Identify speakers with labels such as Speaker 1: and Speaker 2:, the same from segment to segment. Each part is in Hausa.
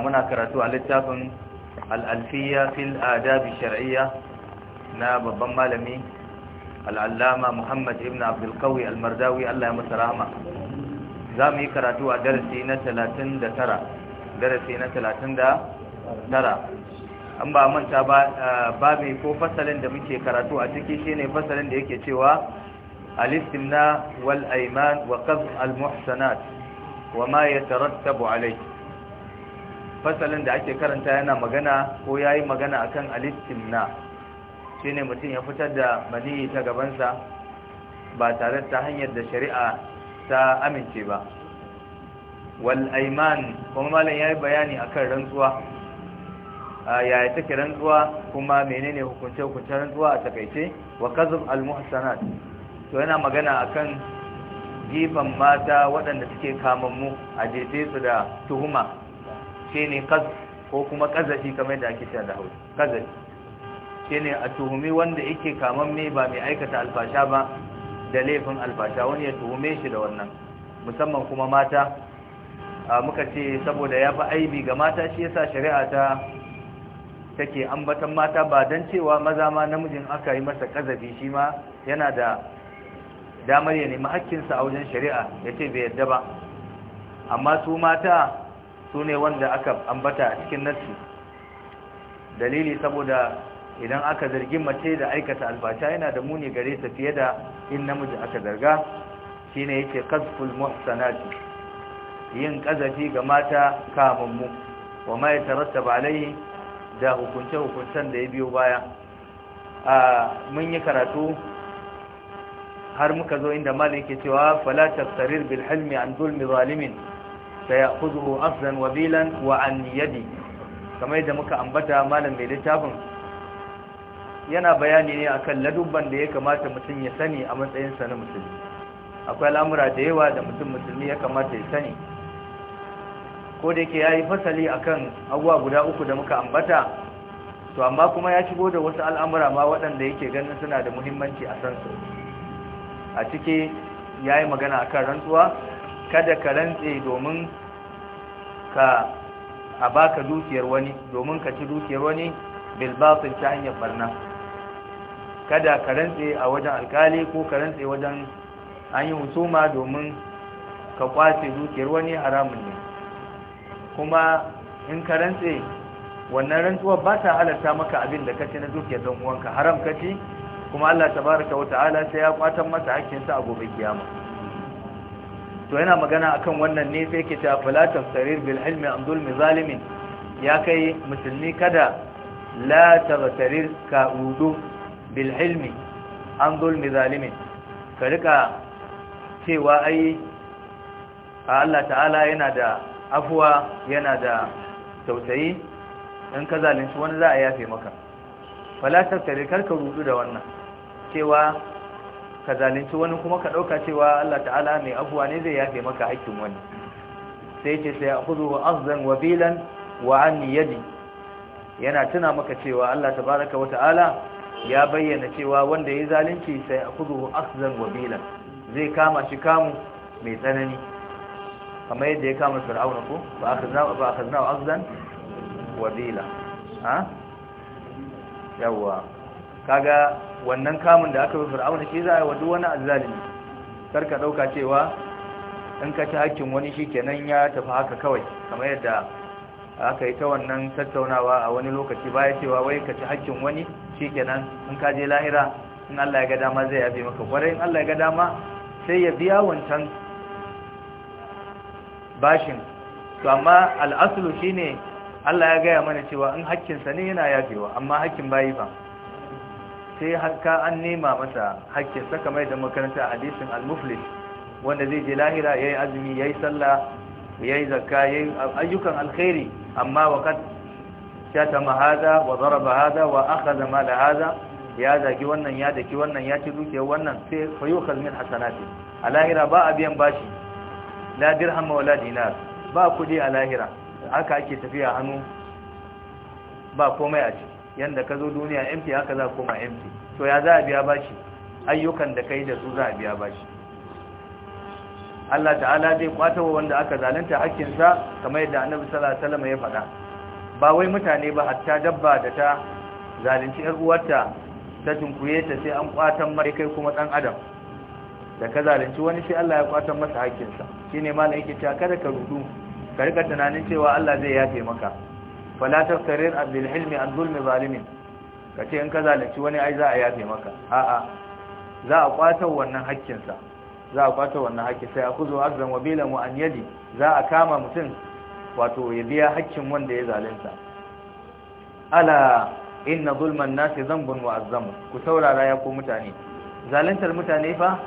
Speaker 1: muna karatu a littafin al-alfiya fil shar'iyya na babban malami al-allama Muhammad ibn Abdul Qawi al-Mardawi Allah ya masa rahama yi karatu a darasi na 39 darasi na 39 an ba manta ba ko fasalin da muke karatu a ciki ne fasalin da yake cewa al-istimna wal ayman al-muhsanat wa ma ya yatarattabu alai. fasalin da ake karanta yana magana ko yayi magana akan alistimna? Shi shine mutum ya fitar da maniyi ta gabansa ba tare ta hanyar da shari'a ta amince ba wal aiman kuma malam yayi bayani akan rantsuwa yaya take rantsuwa kuma menene hukunce hukuncen rantsuwa a takaice wa kazab al muhsanat to yana magana akan jifan mata waɗanda suke mu a jefe su da tuhuma shi ne ko kuma ƙazafi kamar da ake cewa da hausa ƙazafi shi ne a tuhumi wanda yake mai ba mai aikata alfasha ba da laifin alfasha wani ya tuhume shi da wannan musamman kuma mata muka ce saboda ya fi aibi ga mata shi yasa shari'a ta take ambatan mata ba don cewa maza ma namijin aka yi masa ƙazafi shi ma yana da damar ya nemi hakkinsa a wajen shari'a ya ce bai yadda ba amma su mata su ne wanda aka ambata a cikin nassi dalili saboda idan aka zargi mace da aikata albata yana da muni gare ta fiye da in namiji aka zarga shine yake qazful muhsanati yin kazafi ga mata mu wa ma yatarattaba da hukunce hukuncen da ya biyo baya a mun yi karatu har muka zo inda malin yake cewa fala tasarir bil hilmi an zulmi zalimin sayakhudhu afzan wa bilan wa an yadi kamar yadda muka ambata malam mai littafin yana bayani ne akan ladubban da ya kamata mutum ya sani a matsayinsa na musulmi akwai al'amura da yawa da mutum musulmi ya kamata ya sani ko da yake yayi fasali akan abuwa guda uku da muka ambata to amma kuma ya shigo da wasu al'amura ma waɗanda yake ganin suna da muhimmanci a san su a ciki ya yi magana kan rantsuwa kada ka rantse domin ka a baka dukiyar wani domin ka ci dukiyar wani bilbatin ta hanyar barna kada ka rantse a wajen alkali ko ka rantse wajen an yi husuma domin ka kwace dukiyar wani haramun ne kuma in ka rantse wannan rantsuwar ba ta halarta maka abin da ka ci na dukiyar don uwanka haram ka ci? kuma Allah tabaraka wata'ala sai ya kwatan masa hakkinsa a gobe kiyama to yana magana akan wannan ne sai ke ta fala tafsirir bil ilmi am zulmi zalimin ya kai musulmi kada la tafsirir ka udu bil ilmi an zulmi zalimin ka rika cewa ai Allah ta'ala yana da afuwa yana da tausayi in ka zalunci wani za a yafe maka fala tafsirir karka rudu da wannan cewa ka zalunci wani kuma ka ɗauka cewa Allah ta'ala mai abuwa ne zai yafe maka haƙƙin wani sai ce sai wa azan wa bilan wa anni yadi yana tuna maka cewa Allah baraka wa ta'ala ya bayyana cewa wanda ya zalunci sai wa azan wa bilan zai kama shi kamu mai tsanani kamar yadda ya kama fir'auna ko ba a ba akhazna azan wa bilan ha kaga wannan kamun da aka yi fir'auna shi za a yi wa duk wani Kar karka ɗauka cewa in ka ci hakkin wani shi kenan ya tafi haka kawai kamar yadda aka yi ta wannan tattaunawa a wani lokaci baya cewa wai ka ci hakkin wani shi kenan in ka je lahira in Allah ya ga dama zai yabe maka kwarai in Allah ya ga dama sai ya biya wancan bashin to amma al'asulu shine Allah ya gaya mana cewa in hakkinsa ne yana yafewa amma hakkin bayi fa sai hanka an nema masa saka mai da makaranta a hadisin al-muflis wanda zai je lahira yayi azumi yayi sallah yayi zakka yayi ayyukan alkhairi amma waqad ma hada wa daraba hada wa akhadha mal hada ya zagi wannan ya daki wannan ya ci duke wannan sai fayukhaz min hasanati a lahira ba a biyan bashi la dirham wala dinar ba kudi a lahira haka ake tafiya hannu ba komai a ciki yanda ka zo duniya empty haka za koma empty to ya za a biya bashi ayyukan da kai da su za a biya bashi Allah ta'ala zai wa wanda aka zalunta hakkinsa kamar yadda annabi sallallahu alaihi wasallam ya faɗa ba wai mutane ba hatta dabba da ta zalunci yar uwarta ta tunkuye ta sai an kwatan mai kai kuma dan adam da ka zalunci wani sai Allah ya kwatan masa hakkinsa shine malai yake cewa kada ka rudu ka rika tunanin cewa Allah zai yafe maka fala tafsirin abdul hilmi an zulmi zalimin kace in ka zalunci wani ai za a yafe maka a'a za a kwatar wannan haƙƙinsa za a kwatar wannan haƙƙi sai a kuzo azan wa bilan wa an yadi za a kama mutum wato ya biya haƙƙin wanda ya zalunta ala inna zulman nasi zambun wa azzamu ku saurara ya ku mutane zaluntar mutane fa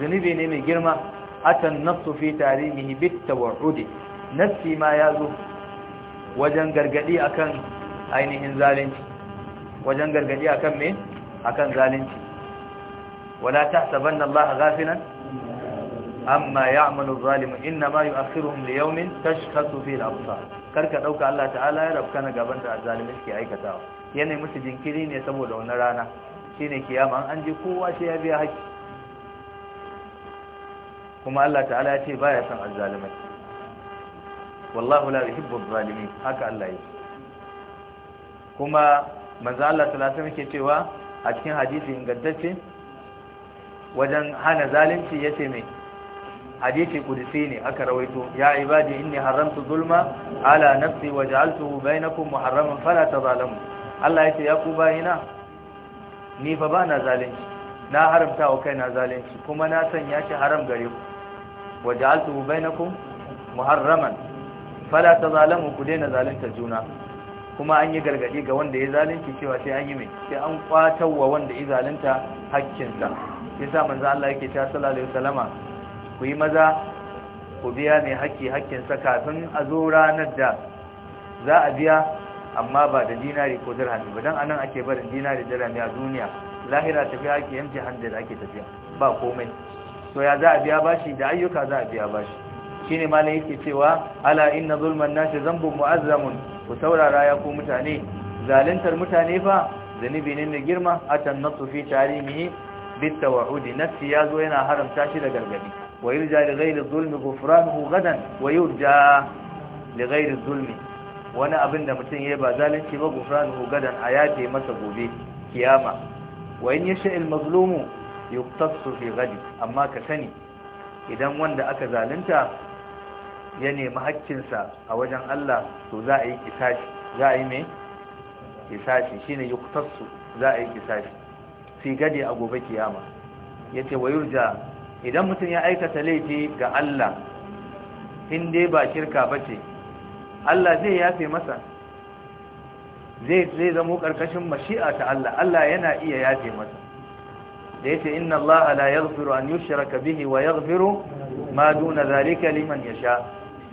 Speaker 1: zunubi ne mai girma atan nafsu fi tarimihi bit tawhid nafsi ma yazo wajen gargadi akan ainihin zalunci wajen gargadi akan me akan zalunci wala tahsabanna Allah ghafilan amma ya'malu zalimun inma yu'akhiruhum li yawmin tashkhasu fihi al-absar karka dauka Allah ta'ala ya rabka na gaban da zalimin ke aikatawa yana musu jinkiri ne saboda wannan rana shine kiyama an ji kowa sai ya biya haƙi kuma Allah ta'ala ya ce baya son azzalimai wallahu la yuhibbu adh-dhalimin haka Allah yake kuma manzo Allah sallallahu alaihi wasallam cewa a cikin hadisi ingantacce wajen hana zalunci yace me hadisi kudusi ne aka rawaito ya ibadi inni haramtu zulma ala nafsi waj'altuhu bainakum muharraman fala tadhalamu Allah yake ya ku bayina ni fa na zalunci na haramta wa kaina zalunci kuma na sanya shi haram gare ku waj'altuhu bainakum muharraman fala ta zalamu ku daina zalunta juna kuma an yi gargadi ga wanda ya zalunci cewa sai an yi mai sai an wa wanda ya zalunta hakkinsa sa manzo Allah yake ta sallallahu alaihi wasallama ku yi maza ku biya mai hakki hakkinsa kafin a zo ranar da za a biya amma ba da dinari ko dirhami ba dan anan ake barin dinari dirhami a duniya lahira tafiya ake yanke handel ake tafiya ba komai to ya za a biya bashi da ayyuka za a biya bashi shine malai yake cewa ala inna zulman nashi, zambun mu'azzamun ku saurara ya ku mutane zaluntar mutane fa zanibi ne na girma atan nasu fi tarihi bit tawahudi nafsi yazo yana haramta shi da gargadi wa yurja li zulmi ghufranuhu gadan wa yurja li zulmi wani abinda mutum yayi ba zalunci ba ghufranuhu gadan yafe masa gobe kiyama wa in yasha al mazlumu yuqtasu fi gadi amma ka sani idan wanda aka zalunta ya nemi haƙƙinsa a wajen Allah to za a yi kisashi za a yi mai kisashi shi ne yuktasu za a yi kisashi fi gade a gobe kiyama Ya ce wa yurja idan mutum ya aikata laifi ga Allah in dai ba shirka ce. Allah zai yafe masa zai zai zamo karkashin mashi'a ta Allah Allah yana iya yafe masa da ya ce inna Allah ya yaghfiru an yushraka bihi wa yaghfiru ma duna zalika liman yasha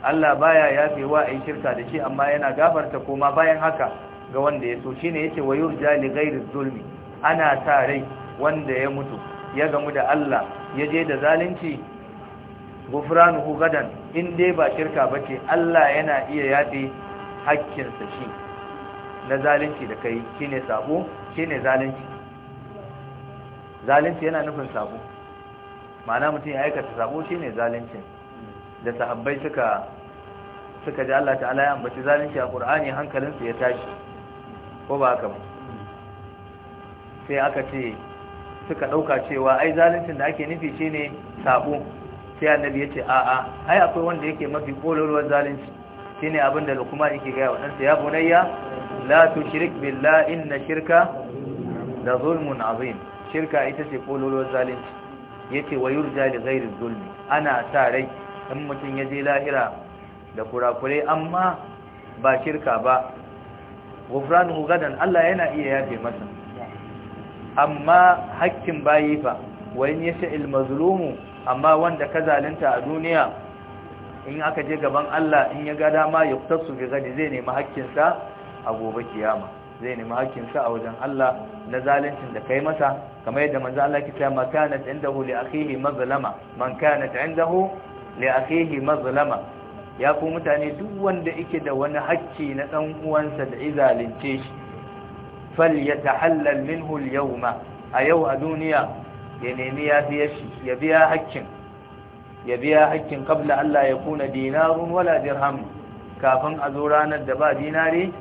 Speaker 1: Allah baya yafewa a yi shirka da shi amma yana gafarta koma bayan haka ga wanda ya so shine yace wa yurja li ghairi zulmi ana sa rai wanda ya mutu ya gamu da Allah ya je da zalunci gufranuhu gadan in dai ba shirka ce. Allah yana iya yafe hakkinsa shi na zalunci da kai shine sabo ne zalunci zalunci yana nufin sabo ma'ana mutum ya aikata sabo shine zalunci da sahabbai suka suka ji Allah ta'ala ya ambaci zalunci a Qur'ani hankalinsu ya tashi ko ba haka ba sai aka ce suka dauka cewa ai zaluncin da ake nufi shine sabo sai annabi ya ce a'a ai akwai wanda yake mafi kolorwar zalunci shine abin da Luqman yake ga sai ya bunayya la tushrik billahi inna shirka da zulmun azim shirka ita ce kolorwar zalunci yace wayurja li ghairi zulmi ana sa rai in mutum ya je lahira da kurakurai amma ba shirka ba gufranuhu gadan Allah yana iya yafe masa amma hakkin bayi fa ya in yasha mazlumu amma wanda ka zalunta a duniya in aka je gaban Allah in ya ga dama ya kutasu bi gadi zai nemi hakkin a gobe kiyama zai nemi hakkin a wajen Allah na zaluncin da kai masa kamar yadda manzo Allah ya ce ma kanat indahu li akhihi mazlama man kanat hu? li akhihi mazlama ya ku mutane duk wanda yake da wani hakki na dan uwansa da izalince shi falyatahallal minhu al-yawma a yau a duniya ya nemi shi ya biya hakkin ya biya kabla Allah ya kuna dinarun wala dirham kafin a zo ranar da ba dinari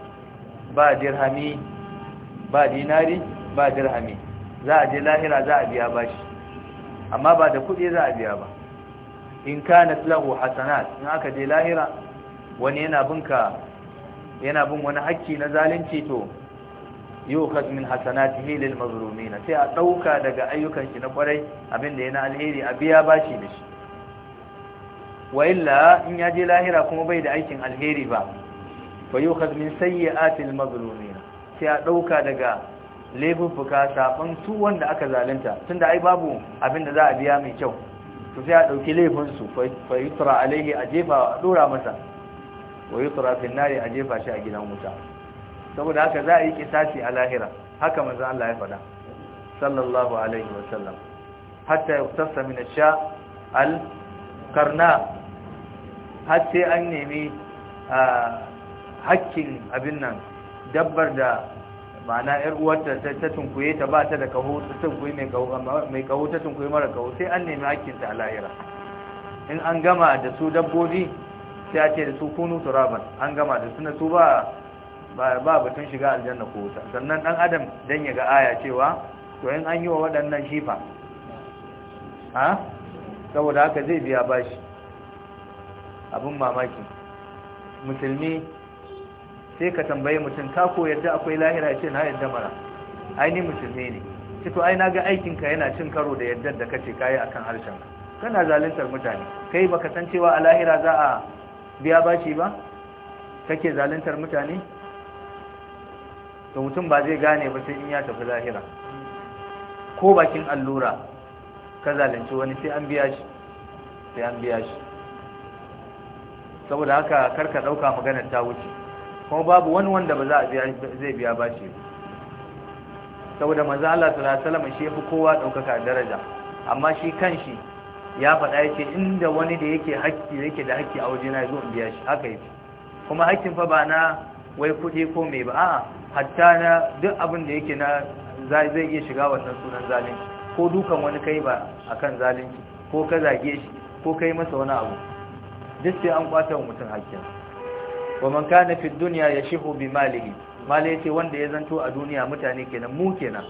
Speaker 1: ba dirhami ba dinari ba dirhami za a je lahira za a biya shi amma ba da kuɗi za a biya ba in kanat lahu hasanat in aka je lahira wani yana binka yana bin wani hakki na zalunci to yukhad min hasanatihi lil mazlumin sai a dauka daga ayyukan shi na kwarai abinda yana alheri a biya bashi da shi wa illa in ya je lahira kuma bai da aikin alheri ba fa yukhad min sayyi'ati al mazlumin sai a dauka daga laifuffuka saban su wanda aka zalunta tunda ai babu abinda za a biya mai kyau to sai a ɗauki laifinsu fa alaihi a jefa a ɗora masa wa yi tura finnari a jefa shi a gidan wuta saboda haka za a yi kisasi a lahira haka manzo Allah ya faɗa sallallahu alaihi wa sallam hatta yuktasa min sha al karna har sai an nemi ah, hakkin abin nan dabbar da ma'ana yar uwarta ta tunkuye ta ba ta da kaho ta tunkuye mai kaho ta tunkuye mara kaho sai an nemi hakkin a lahira in an gama da su dabbobi sai a ce da su kunu turaban an gama da su na su ba ba batun shiga aljanna ko wuta sannan dan adam dan ya ga aya cewa to in an yi wa waɗannan shifa ha saboda haka zai biya bashi abin mamaki musulmi sai ka tambaye mutum ka ko yadda akwai lahira ya ce na yadda mara aini musulmi ne ce to ai na ga aikinka yana cin karo da yadda da kace kayi akan harshen kana zaluntar mutane kai baka san cewa a lahira za a biya bashi ba kake zaluntar mutane to mutum ba zai gane ba sai in ya tafi lahira ko bakin allura ka zalunci wani sai an biya shi sai an biya shi saboda haka karka dauka maganar ta wuce kuma babu wani wanda ba za a zai biya ce saboda maza Allah sallallahu alaihi wasallam shi yafi kowa daukaka daraja amma shi kanshi ya faɗa yake inda wani da yake haƙƙi yake da haƙƙi a waje na zo in biya shi haka yake kuma haƙƙin fa ba na wai kuɗi ko me ba a'a hatta na duk abin da yake na zai iya shiga wannan sunan zalunci ko dukan wani kai ba akan zalunci ko ka zage shi ko kai masa wani abu duk sai an kwata wa mutum haƙƙin wa man kana fi dunya yashihu bi malihi mali yace wanda ya zanto a duniya mutane kenan mu kenan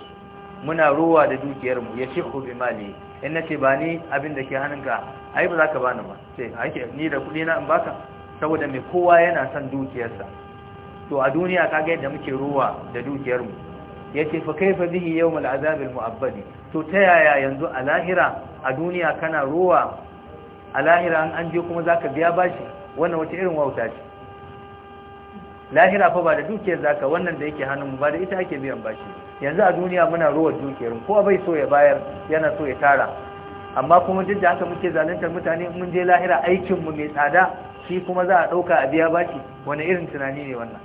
Speaker 1: muna ruwa da dukiyar mu yashihu bi malihi in nace ba ni abin da ke hannunka ai ba zaka bani ba sai ake ni da kudi na in baka saboda mai kowa yana son dukiyarsa to a duniya kaga yadda muke ruwa da dukiyar mu yace fa kaifa bihi yawmal azab al to ta yaya yanzu a lahira a duniya kana ruwa a lahira an je kuma zaka biya bashi wannan wata irin wauta ce lahira fa ba da dukiyar zaka wannan da yake hannun mu ba da ita ake biyan bashi yanzu a duniya muna ruwa dukiyar ko bai so ya bayar yana so ya tara amma kuma duk da haka muke zaluntar mutane mun je lahira aikin mu mai tsada shi kuma za a dauka a biya bashi wani irin tunani ne wannan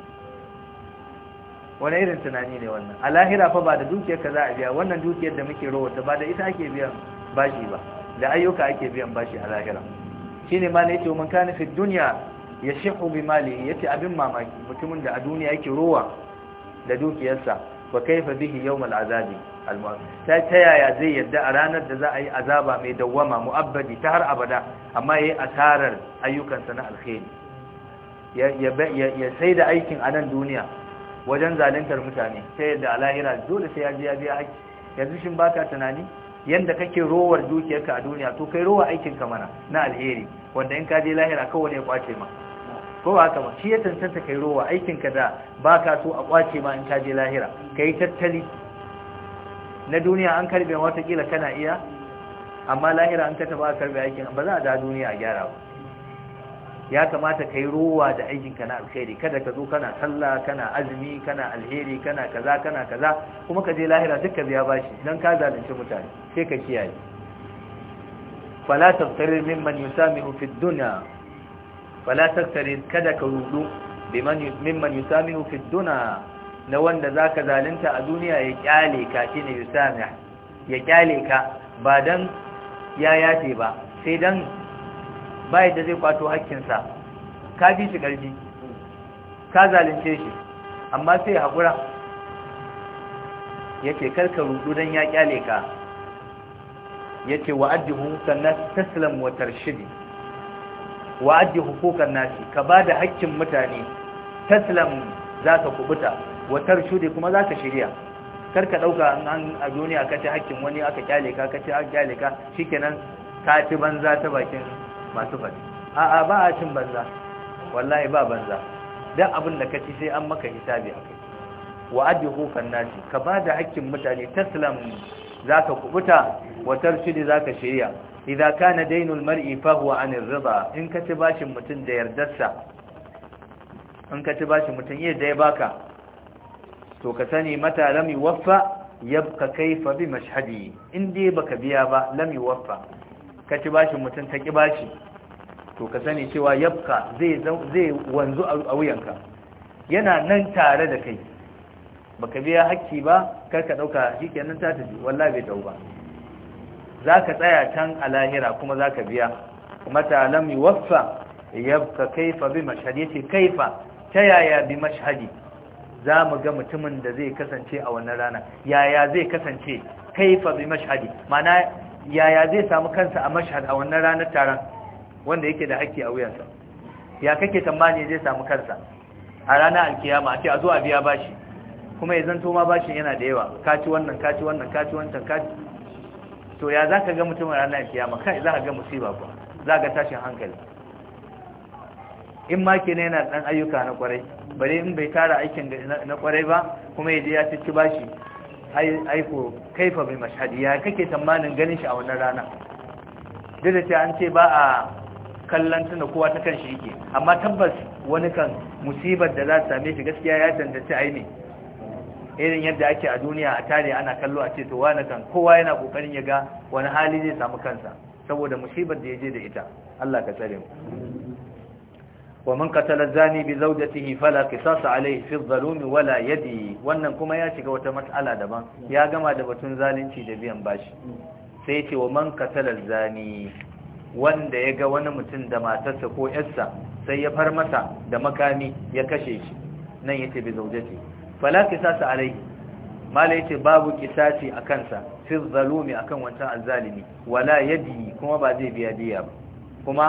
Speaker 1: wani irin tunani ne wannan a lahira fa ba da dukiyar ka za a biya wannan dukiyar da muke ruwa ta ba da ita ake biyan bashi ba da ayyuka ake biyan bashi a lahira shine ma ne yace mun kana fi duniya ya shehu bi malihi yace abin mamaki mutumin da a duniya yake rowa da dukiyarsa wa kaifa bihi yawmal azabi almu'min ta yaya zai yadda a ranar da za a yi azaba mai dawwama mu'abbadi ta har abada amma yayi asarar ayyukansa na alkhairi ya ya sai da aikin a nan duniya wajen zaluntar mutane sai yadda a lahira dole sai ya ya biya aiki yanzu shin baka tunani yanda kake rowar dukiyarka a duniya to kai rowa aikinka mana na alheri wanda in ka je lahira kawai ne ya kwace ma ko ba haka ba shi ya tantanta kai rowa aikinka da ba ka so a kwace ma in ka je lahira ka yi tattali na duniya an karbe watakila kana iya amma lahira an ka taba karbe aikin ba za a da duniya a gyara ba ya kamata ka yi rowa da aikinka na alkhairi kada ka zo kana sallah kana azumi kana alheri kana kaza kana kaza kuma ka je lahira duka biya bashi dan ka zalunci mutane sai ka kiyaye fala taftarir mimman yusamihu fid dunya fala taktari kada ka rudu mimman yusamihu fi duna na wanda zaka zalunta a duniya ya kyale ka shine yusamihu ya kyale ka ba dan ya yace ba sai dan ba yadda zai kwato hakkinsa ka bi shi karfi ka zalunce shi amma sai hakura yace karka rudu dan ya kyale ka yace wa'adhu sannan taslam wa tarshidi wa addi hukukan nasi ka ba da haƙƙin mutane taslam za ka kubuta wa tarshude kuma za ka shirya kar ka ɗauka an a duniya ka ci haƙƙin wani aka kyale ka ka ci an kyale ka shikenan ka ci banza ta bakin masu faɗi a'a ba a cin banza wallahi ba banza dan abin da ka ci sai an maka hisabi akai wa addi hukukan nasi ka ba da haƙƙin mutane taslam za ka kubuta wa tarshudi za ka shirya idza kana daynul mar'i fa huwa anir rida in ka ci bashin mutum da yardarsa in ka ci bashin mutum yadda ya baka to ka sani mata lam yuwaffa yabqa kayfa bi mashhadi in dai baka biya ba lam yuwaffa ka ci bashin mutum ta ki bashi to ka sani cewa yabqa zai zai wanzu a wuyanka yana nan tare da kai baka biya hakki ba kar ka dauka shikenan ta tafi wallahi bai dau ba za ka tsaya can a lahira kuma za ka biya mata lam yuwaffa yabka kaifa bi ya ce, kaifa ta yaya bi mashhadi za mu ga mutumin da zai kasance a wannan rana yaya zai kasance kaifa bi mashhadi mana yaya zai samu kansa a mashhad a wannan ranar taron wanda yake da haƙƙi a wuyansa ya kake tambani zai samu kansa a ranar alkiyama a ce a zo a biya bashi kuma ya zanto ma bashin yana da yawa kaci wannan kaci wannan kaci wancan kaci to ya za ka ga mutum a ranar kiyama kai za ka ga musiba ba za ka tashin hankali in ma ke yana dan ayyuka na kwarai bare in bai tara aikin na kwarai ba kuma yadda ya ci bashi aiko kaifa bai mashhadi ya kake tsammanin ganin shi a wannan rana duk da cewa an ce ba a kallon tuna kowa ta kan shi yake amma tabbas wani kan musibar da za ta same shi gaskiya ya tantance aini irin yadda ake a duniya a tare ana kallo a ce to wani kan kowa yana kokarin ya ga wani hali zai samu kansa saboda musibar da yaje da ita Allah ka tsare mu wa man qatala zani bi zawjatihi fala qisas alayhi fi adh-dhulum wala yadi wannan kuma ya shiga wata mas'ala daban ya gama da batun zalunci da biyan bashi sai ce wa man qatala zani wanda ya ga wani mutum da matarsa ko yarsa sai ya far masa da makami ya kashe shi nan yace bi zawjatihi fala kisasa alaihi malai yace babu kisasi a kansa fi zalumi akan wancan azzalimi wala yadi kuma ba zai biya diya ba kuma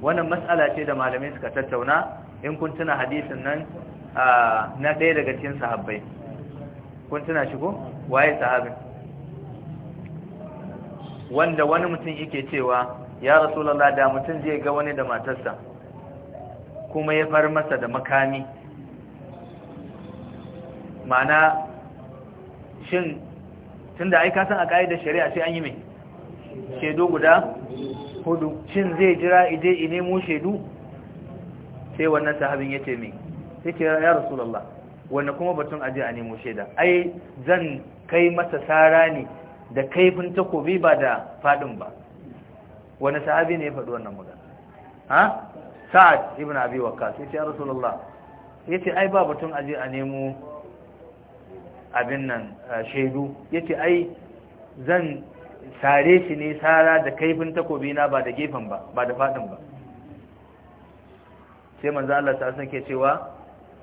Speaker 1: wannan mas'ala ce da malamai suka tattauna in kun tuna hadisin nan na ɗaya daga cikin sahabbai kun tuna shi ko waye sahabin wanda wani mutum yake cewa ya rasulullah da mutum zai ga wani da matarsa kuma ya far masa da makami ma'ana shin tun da aika san a da shari'a sai an yi mai Shaidu guda hudu shin zai jira ije i nemo shaidu? sai wannan sahabin ya ce mai sai ce ya rasulallah wanda kuma batun aji a nemo shaida ai zan kai masa sara ne da kaifin takobi ba da fadin ba wani sahabi ne ya faɗi wannan magana ha sa'ad ibn abi wakka sai ya rasulallah ce ai ba batun aje a nemo abin nan eh, shaidu ya ce ai zan sare shi ne sara da kaifin takobi na ba da gefen ba ba da fadin ba sai manzo Allah ta san ke cewa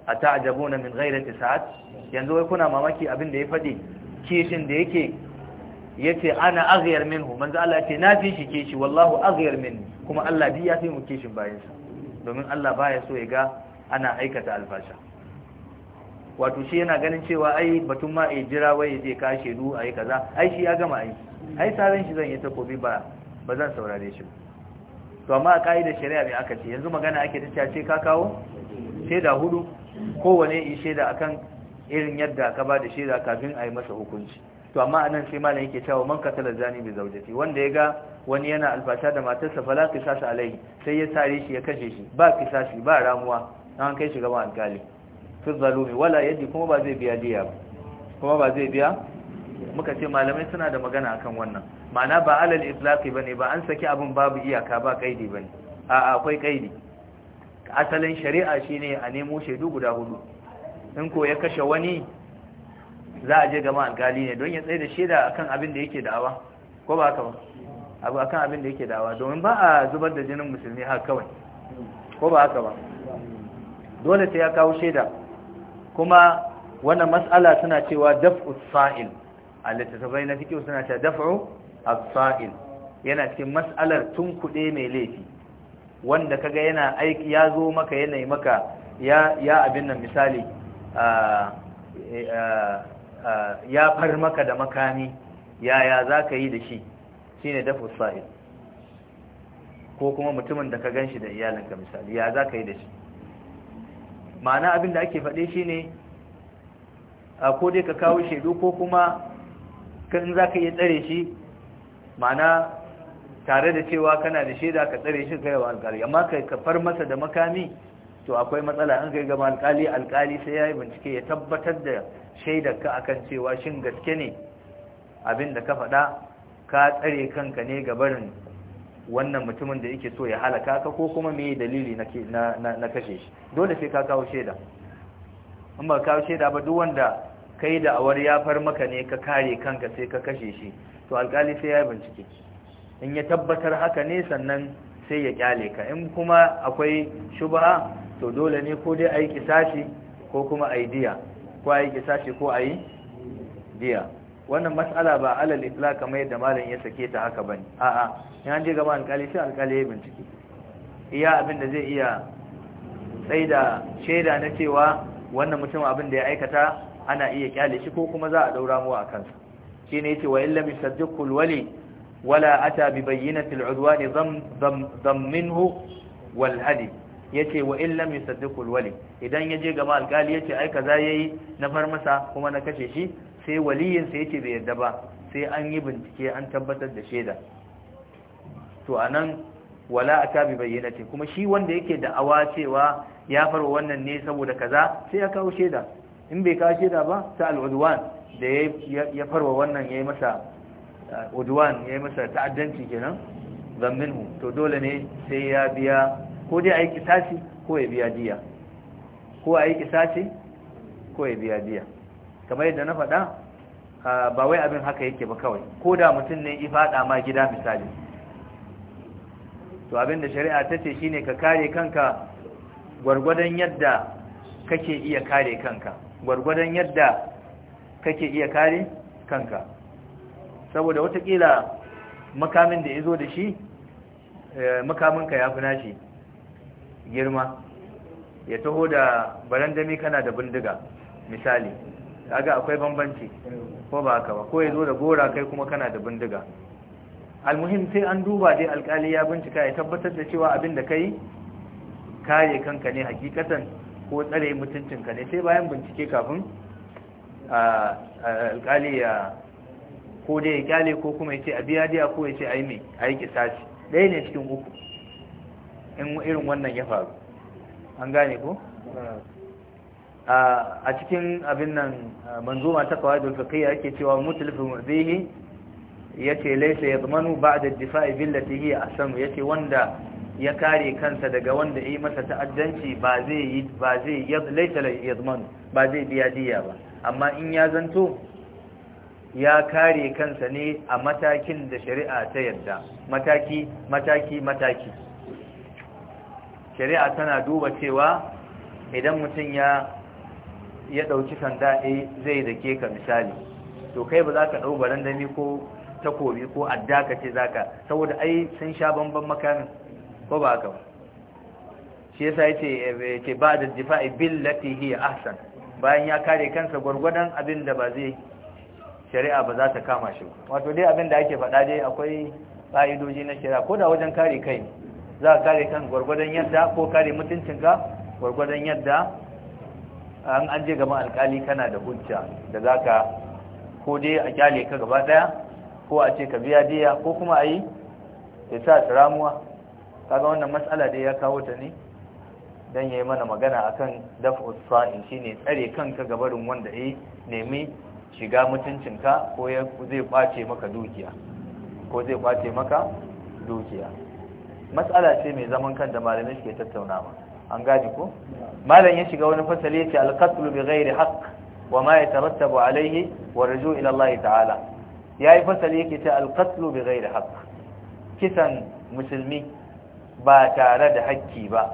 Speaker 1: ata'jabuna min ghairi sa'at yanzu wai kuna mamaki abin da ya faɗi kishin da yake yace ana aghyar minhu manzo Allah yace na fi shi kishi wallahu min min kuma Allah bi ya fi mu kishin bayansa domin Allah baya so ya ga ana aikata alfasha wato shi yana ganin cewa ai batun ma ai jira wai zai ka a ai kaza ai shi ya gama ai ai sabon shi zan yi takobi ba ba zan saurare shi to amma a kaidar shari'a mai aka ce yanzu magana ake ta ce ka kawo shaida hudu kowane yi sheda akan irin yadda ka ba da shaida kafin a yi masa hukunci to amma anan sai malam yake cewa man katala zani bi zawjati wanda ya ga wani yana alfasa da matarsa fala kisasa alai sai ya tare shi ya kashe shi ba kisasi ba ramuwa an kai shi gaban alkali fi zalumi wala yadi kuma ba zai biya diya ba kuma ba zai biya muka ce malamai suna da magana akan wannan ma'ana ba alal itlaqi bane ba an saki abin babu iyaka ba kaidi bane a akwai kaidi asalin shari'a shine a nemo shaidu guda hudu in ko ya kashe wani za a je gama alkali ne don ya tsaye da shaida akan abin da yake da'awa ko ba haka ba abu akan abin da yake da'awa domin ba a zubar da jinin musulmi haka kawai ko ba haka ba dole sai ya kawo shaida kuma wannan mas'ala suna cewa daf'u sa'il a littattafai na fikiyu suna cewa daf'u as-sa'il yana cikin mas'alar tun kuɗe mai laifi wanda kaga yana aiki ya zo maka yanayi maka ya ya abin nan misali ya far maka da makami ya, za ka yi da shi shine daf'u sa'il ko kuma mutumin da ka ganshi da iyalinka misali ya za ka yi da shi ma'ana abin da ake faɗe shi ne a ko dai ka kawo shaidu ko kuma kan za ka iya tsare shi ma'ana tare da cewa kana da shaida ka tsare shi kai wa alƙali amma kai ka far masa da makami to akwai matsala an kai gama alkali alƙali sai ya yi bincike ya tabbatar da shaidar ka akan cewa shin gaske ne abin da ka faɗa ka tsare kanka ne ga barin wannan mutumin da yake so ya halaka ka ko kuma me dalili na kashe shi dole sai ka kawo shaida in ba kawo shaida ba duk wanda kai da awar ya far maka ne ka kare kanka sai ka kashe shi to alkali sai ya bincike in ya tabbatar haka ne sannan sai ya kyale ka in kuma akwai shubha to dole ne ko dai ayi kisashi ko kuma ayi diya ko ayi kisashi ko ayi diya wannan matsala ba alal itlaq kamar yadda malam ya sake ta haka bane a'a in an je gaba alƙali sai alƙali ya bincike iya abin da zai iya da shaida na cewa wannan mutum abin da ya aikata ana iya kyale shi ko kuma za a daura mu a kansa shine yace wa illam yusaddiqu alwali wala ata bi bayyinati al'udwan dham dham minhu wal hadi yace wa illam yusaddiqu alwali idan yaje gaba alƙali yace aika za yayi na far masa kuma na kashe shi sai sai yake bai yarda ba sai an yi bincike an tabbatar da shaida to anan wala aka bi ce kuma shi wanda yake da'awa cewa ya farwa wannan ne saboda kaza sai ya kawo shaida in bai kawo shaida ba ta al'udwan da ya farwa wannan yayi masa uh, udwan yayi masa ta'addanci kenan zamminhu to dole ne sai ya biya ko dai ayi kisasi ko ya biya diya ko ayi kisasi ko ya biya diya kamar yadda na faɗa ba wai abin haka yake ba kawai ko da mutum ne ifaɗa ma gida misali to abin da shari'a ta ce shine ka kare kanka gwargwadon yadda kake iya kare kanka gwargwadon yadda kake iya kare kanka saboda watakila makamin da ya zo da shi e, makaminka ya fi nashi girma ya taho da barandami kana da bindiga misali kaga akwai bambanci ko ba haka ba ko ya zo da gora kai kuma kana da bindiga almuhim sai an duba dai alkali ya bincika ya tabbatar da cewa abin da kai kare kanka ne hakikatan ko tsare mutuncinka ne sai bayan bincike kafin alkali ya ko dai ya kyale ko kuma ya ce a biya diya ko ya ce a yi mai a yi ɗaya ne cikin uku in irin wannan ya faru an gane ko? a cikin abin nan manzuma ta qawaidul fiqhiyya yake cewa mutlifu mu'dhihi yace laysa yadmanu ba'da ad yi a hiya ya yace wanda ya kare kansa daga wanda yi masa ta'addanci ba zai yi ba zai ya yadmanu ba zai biya diya ba amma in ya zanto ya kare kansa ne a matakin da shari'a ta yadda mataki mataki mataki shari'a tana duba cewa idan mutum ya ya ɗauki sanda ɗaya eh, zai da ke ka misali to kai ba za ka ɗau barandami ko takobi ko adda ka ce za ka saboda ai sun sha bambam makamin ko ba ka shi yasa eh, ya ce ba da jifa'i lati hiya ahsan bayan ya kare kansa gwargwadon abin da ba zai shari'a ba za ta kama shi wato dai abin da ake faɗa dai akwai ƙa'idoji na shari'a ko da wajen kare kai za ka kare kan gwargwadon yadda ko kare mutuncinka gwargwadon yadda an an je gaban alkali kana da hujja da zaka ko dai a kyale ka gaba daya ko a ce ka biya diya ko kuma a yi ya sa ramuwa kaga wannan matsala dai ya kawo ta ne dan yayi mana magana akan daf'us sa'in shine tsare kanka gabarin wanda ya nemi shiga mutuncinka ko zai kwace maka dukiya ko zai kwace maka dukiya matsala ce mai zaman kan da malamai suke tattaunawa an gaji ko malam ya shiga wani fasali yace al-qatl bi ghairi haqq wa ma yatarattabu alayhi wa rujuu ila Allah ta'ala yayi fasali yake ce al-qatl bi ghairi haqq kisan musulmi ba tare da hakki ba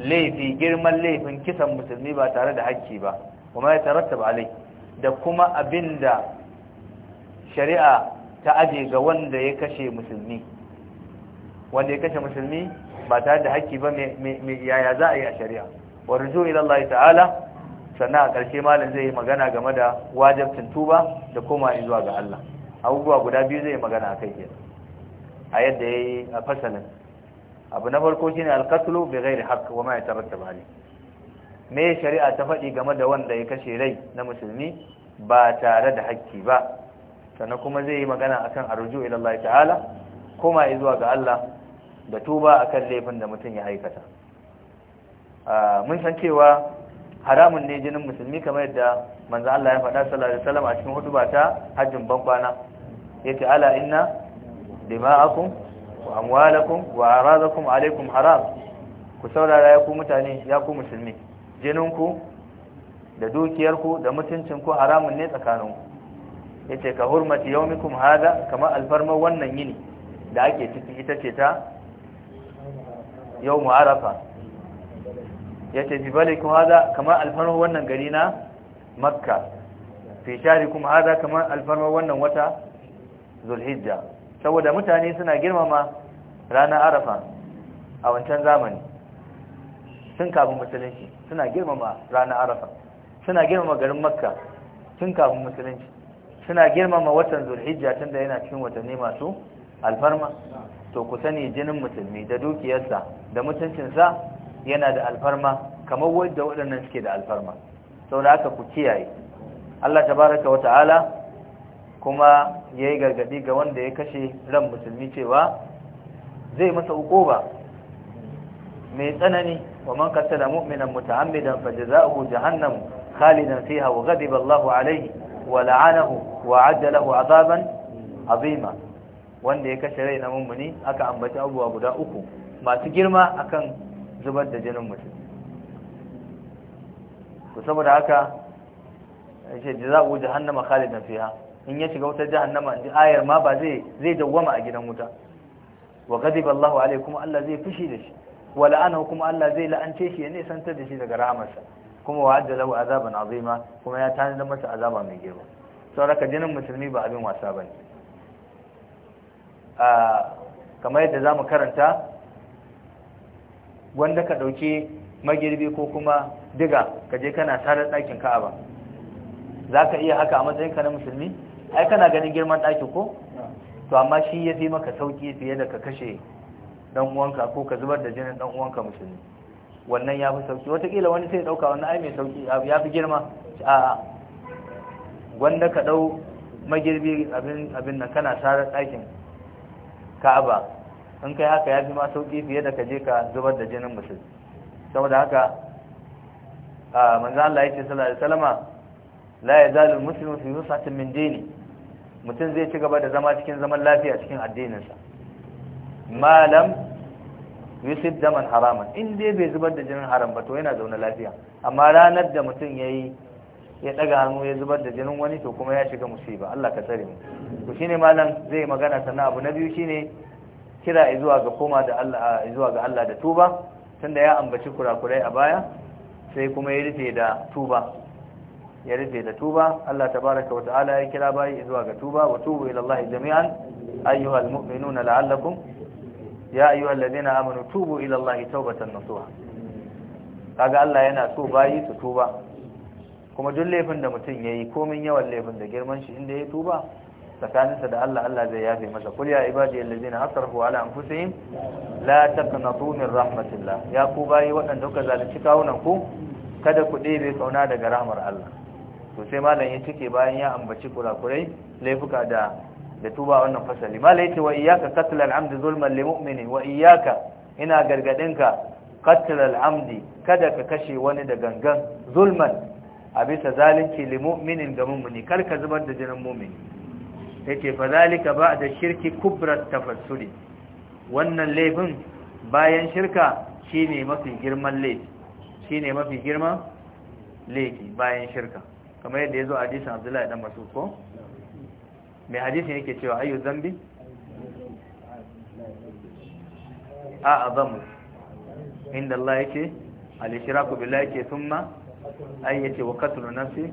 Speaker 1: laifi girman laifin kisan musulmi ba tare da hakki ba wa ma yatarattabu alayhi da kuma abinda shari'a ta aje ga wanda ya kashe musulmi wanda ya kashe musulmi ba tare da hakki ba mai yaya za a yi a shari'a wa ruju ila Allah ta'ala sannan a ƙarshe malam zai yi magana game da wajibcin tuba da koma zuwa ga Allah abubuwa guda biyu zai yi magana a kai ke a yadda ya yi a fasalin abu na farko shine al bai gai da haqq wa ma ba ne me shari'a ta faɗi game da wanda ya kashe rai na musulmi ba tare da hakki ba sannan kuma zai yi magana akan arju ila Allah ta'ala koma zuwa ga Allah da tuba akan laifin da mutum ya aikata ah, mun san cewa haramun ne jinin musulmi kamar yadda manzo Allah ya faɗa sallallahu alaihi wasallam a cikin hutuba ta hajjin bankwana yace ala inna dima'akum wa amwalakum wa aradakum alaikum haram ku saurara ya ku mutane ya ku musulmi jininku da dukiyarku da mutuncinku haramun ne tsakaninku yace ka hurmati yaumikum hada kamar alfarma wannan yini da ake ciki ita ce ta yau mu arafa ya ce fi bale kuma haza kamar alfarmar wannan gari na makka fi shari kuma haza kamar alfarmar wannan wata zulhijja saboda mutane suna girmama ranar arafa a wancan zamani sun kafin musulunci suna girmama ranar arafa suna girmama garin makka sun kafin musulunci suna girmama watan zulhijja tun da yana cikin watanni masu alfarma to ku sani jinin musulmi da dukiyarsa da mutuncinsa yana da alfarma kamar wadda waɗannan suke da alfarma sau da aka ku kiyaye Allah tabaraka wa ta'ala kuma ya yi gargadi ga wanda ya kashe ran musulmi cewa zai masa ba mai tsanani wa man da mu'minan muta'ammidan fajza'uhu jahannam khalidan fiha wa ghadiba Allahu alayhi wa la'anahu wa 'adda 'adaban 'azima wanda ya kashe rai na mummuni aka ambaci abubuwa guda uku masu girma akan zubar da jinin mutum to saboda haka yace hannama jahannama khalidan fiha in ya shiga wutar jahannama ji ayar ma ba zai zai dawwama a gidan wuta wa ghadiba Allahu alaihi kuma Allah zai fushi da shi wa la'anahu kuma Allah zai la'ance shi ya nisantar da shi daga rahamarsa kuma wa'adda lahu azaban azima kuma ya tanadar masa azaba mai girma saboda jinin musulmi ba abin wasa bane kamar yadda za mu karanta wanda ka ɗauki magirbi ko kuma diga ka je kana tarar ɗakin ka'aba za ka iya haka a matsayinka na musulmi ai kana ganin girman ɗaki ko to amma shi ya fi maka sauƙi fiye da ka kashe ɗan uwanka ko ka zubar da jinin ɗan uwanka musulmi wannan ya fi sauƙi wataƙila wani sai ɗauka wannan ai mai sauƙi ya fi girma a'a wanda ka ɗau magirbi abin nan kana tarar ɗakin ka'aba in kai haka ya fi ma sauki fiye da ka je ka zubar da jinin mutum saboda haka a manzo Allah yake sallallahu alaihi wasallama la yazalu muslimu fi yusatin min dini mutum zai ci gaba da zama cikin zaman lafiya cikin addininsa malam yusuf daman haraman in dai bai zubar da jinin haram ba to yana zaune lafiya amma ranar da mutum yayi ya daga hannu ya zubar da jinin wani to kuma ya shiga musiba Allah ka tsare mu to shine malam zai magana sannan abu na biyu shine kira zuwa ga koma da Allah zuwa ga Allah da tuba tunda ya ambaci kurakurai a baya sai kuma ya rufe da tuba ya rufe da tuba Allah tabaraka ta'ala ya kira bai zuwa ga tuba wa tubu ila Allah jami'an ayyuhal mu'minuna la'allakum ya ayyuhal ladina amanu tubu ila Allah tawbatan nasuha kaga Allah yana so bayi su tuba kuma duk laifin da mutum ya yi komin yawan laifin da girman shi inda ya tuba tsakaninsa da Allah Allah zai yafe masa kulya ya ibadi allazina asrafu ala anfusihim la taqnatu min rahmatillah ya ku bayi waɗanda kuka zalunci kawunan ku kada ku ɗebe kauna daga rahmar Allah to sai malam ya cike bayan ya ambaci kurakurai laifuka da da tuba wannan fasali malai ce wa iyyaka qatl al-amd zulman lil mu'mini wa iyyaka ina gargadinka qatl al-amd kada ka kashe wani da gangan zulman a bisa zalunci li mu'minin ga mu'mini kar ka zubar da jinin mu'mini yake fa zalika ba'da shirki kubrat tafassuli wannan laifin bayan shirka shine mafi girman laifi shine mafi girman laifi bayan shirka kamar yadda yazo hadisi Abdullahi dan Mas'ud ko mai hadisi yake cewa ayu zambi
Speaker 2: a azamu inda Allah yake al-ishraku billahi thumma ai yace wa qatlu nafsi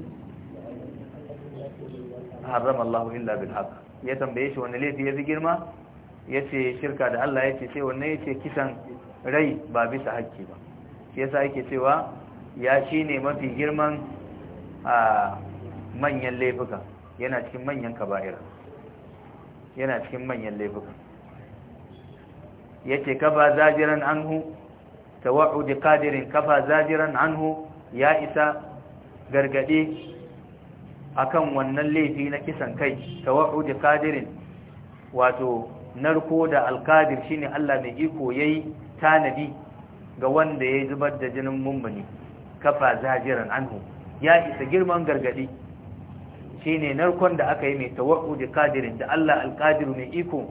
Speaker 2: harrama
Speaker 1: Allah illa bil haqq ya tambaye shi wani laifi yafi girma yace shirka da Allah yace sai wannan yace kisan rai ba bisa haƙƙi ba shi yasa yake cewa ya shine mafi girman a manyan laifuka yana cikin manyan kaba'ira yana cikin manyan laifuka yace kafa zajiran anhu tawa'ud qadirin kafa zajiran anhu ya isa gargade akan wannan laifi na kisan kai tawahudi qadirin wato narko da alqadir shine Allah mai iko yayi tanadi ga wanda ya zubar da jinin mummuni kafa zajiran anhu ya isa girman gargade shine narkon da aka yi mai tawahudi qadirin da Allah alqadiru mai iko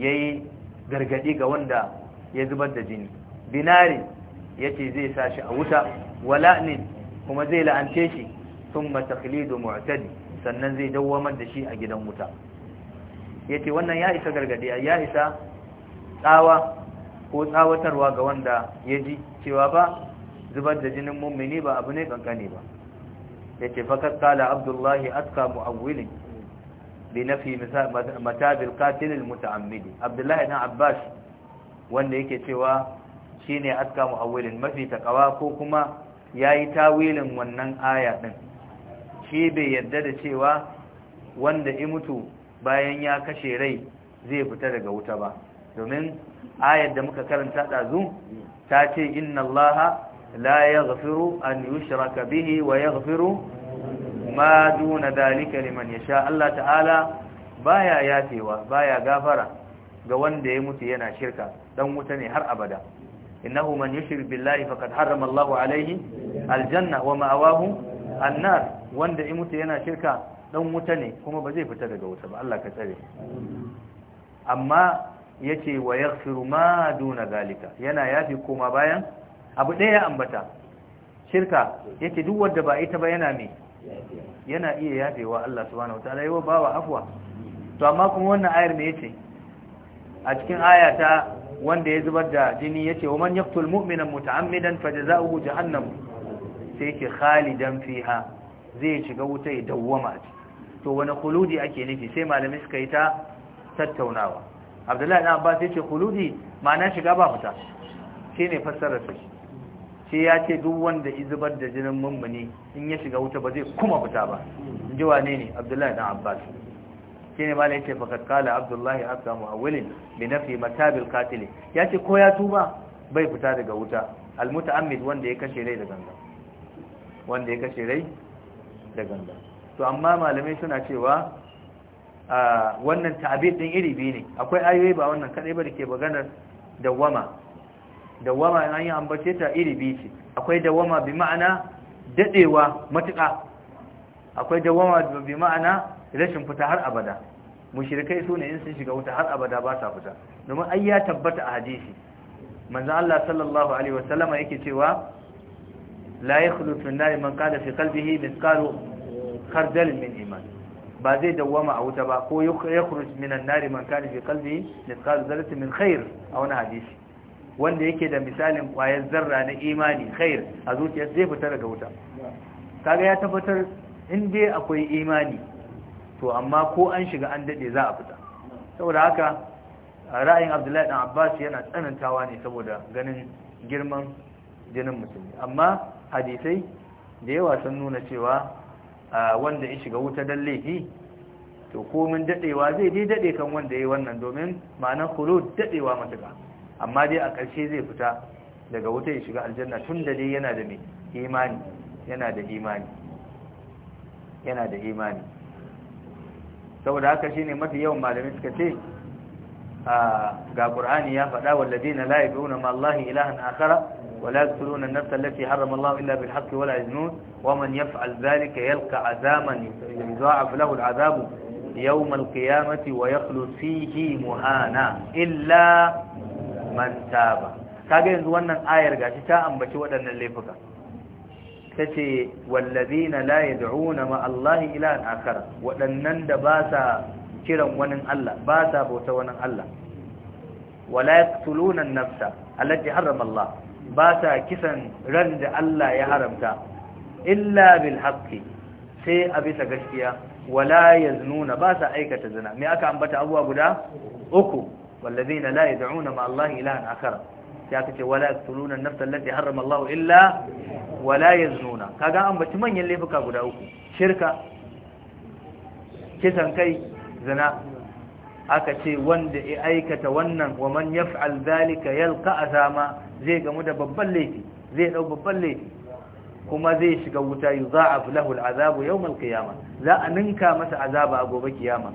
Speaker 1: yayi gargade ga wanda ya zubar da jini binari yace zai sa shi a wuta ne kuma zai la'ance shi thumma takhlidu mu'tadi sannan zai dawwamar da shi a gidan wuta yace wannan ya isa gargadi ya isa tsawa ko tsawatarwa ga wanda ya ji cewa ba zubar da jinin mummini ba abu ne kankane ba yace fakat qala abdullahi atqa mu'awwilin bi matabil qatil al muta'ammidi abdullahi dan abbas wanda yake cewa shine aska mu'awwilin mafi takawa ko kuma yayi tawilin wannan aya din shi bai yadda da cewa wanda in mutu bayan ya kashe rai zai fita daga wuta ba domin ayar da muka karanta dazu ta ce inna allaha la yaghfiru an yushraka bihi wa yaghfiru ma duna dalika liman yasha Allah ta'ala baya yafewa baya gafara ga wanda ya mutu yana shirka ɗan wuta ne har abada innahu man yushrik billahi faqad harrama Allahu alaihi aljanna wa ma'awahu annar wanda in mutu yana shirka dan wuta ne kuma bazai fita daga wuta ba Allah ka tsare amma yace wa yaghfiru ma duna zalika yana yafi koma bayan abu daya ambata shirka yace duk wanda ba ita ba yana me yana iya yafewa Allah subhanahu wataala yawa bawa afwa to amma kuma wannan ayar me yace a cikin aya ta wanda ya zubar da jini ya ce wa man yaqtul mu'mina muta'ammidan fajza'uhu jahannam sai ke khalidan fiha zai shiga wuta ya dawwama to wani khuludi ake nufi sai malamai suka yi ta tattaunawa Abdullahi ibn Abbas yace khuludi ma'ana shiga ba fita shine fassarar sa sai ya ce duk wanda ya zubar da jinin mummuni in ya shiga wuta ba zai kuma fita ba in ji wane ne Abdullahi ibn Abbas shine malai yace fa kala abdullahi akka muawwilin bi nafi matabil ya yace ko ya tuba bai fita daga wuta al mutaammid wanda ya kashe rai da ganga wanda ya kashe rai da ganga to amma malamai suna cewa wannan ta'bid din iri biyu ne akwai ayoyi ba wannan kadai ba dake maganar dawama dawama in an yi ambace ta iri biyu ce akwai dawama bi ma'ana dadewa matuƙa akwai dawama bi ma'ana rashin fita har abada mushrikai su ne in sun shiga wuta har abada ba sa fita domin ai ya tabbata a hadisi manzo Allah sallallahu alaihi wasallama yake cewa la yakhlu fi an-nar man qala fi qalbihi mithqalu khardal min iman ba zai dawwama a wuta ba ko yakhruj min an-nar man qala fi qalbihi mithqalu dharratin min khair a wani hadisi wanda yake da misalin kwayar zarra na imani khair a zuciyar zai fita daga wuta kaga ya tabbatar in dai akwai imani to amma ko an shiga an daɗe za a fita saboda haka ra'ayin abdullahi dan abbas yana tsanantawa ne saboda ganin girman jinin musulmi amma hadisai da yawa sun nuna cewa wanda ya shiga wuta dan laifi to komin dadewa zai dai daɗe kan wanda ya yayi wannan domin ma'anar khulud daɗewa matuka amma dai a ƙarshe zai fita daga wuta ya shiga aljanna tun da dai yana da mai imani yana da imani yana da imani saboda haka shine mafi yawan malami suka ce ga qur'ani ya faɗa ladina la yad'una ma allahi ilahan akhara wala yaqtuluna an-nafsa allati harrama allah illa bil haqqi wala yaznun wa man yaf'al dhalika yalqa azaman yudha'af lahu al-'adhabu yawm al-qiyamati wa yakhlu fihi muhana illa man taba kaga yanzu wannan ayar gashi ta ambaci waɗannan laifuka tace wallazina layi yad'una ma Allah ilahan akara waɗannan da ba sa kiran wani Allah ba sa bauta wani Allah wala yaqtuluna an-nafsa allati harrama ba sa kisan ran da Allah ya haramta illa bil haqqi sai a bisa gaskiya wala yaznuna ba sa aikata zina me aka ambata abuwa guda uku wallazina layi yad'una ma Allah ilahan akara. sai aka ce wala yaqtuluna an-nafsa allati harrama Allahu illa wala yaznuna kaga an baci manyan laifuka guda uku shirka kisan kai zina aka ce wanda ya aikata wannan wa man yaf'al dhalika yalqa azama zai gamu da babban laifi zai dau babban laifi kuma zai shiga wuta yuza'af lahu al'azabu yawm al-qiyamah za a ninka masa azaba a gobe kiyama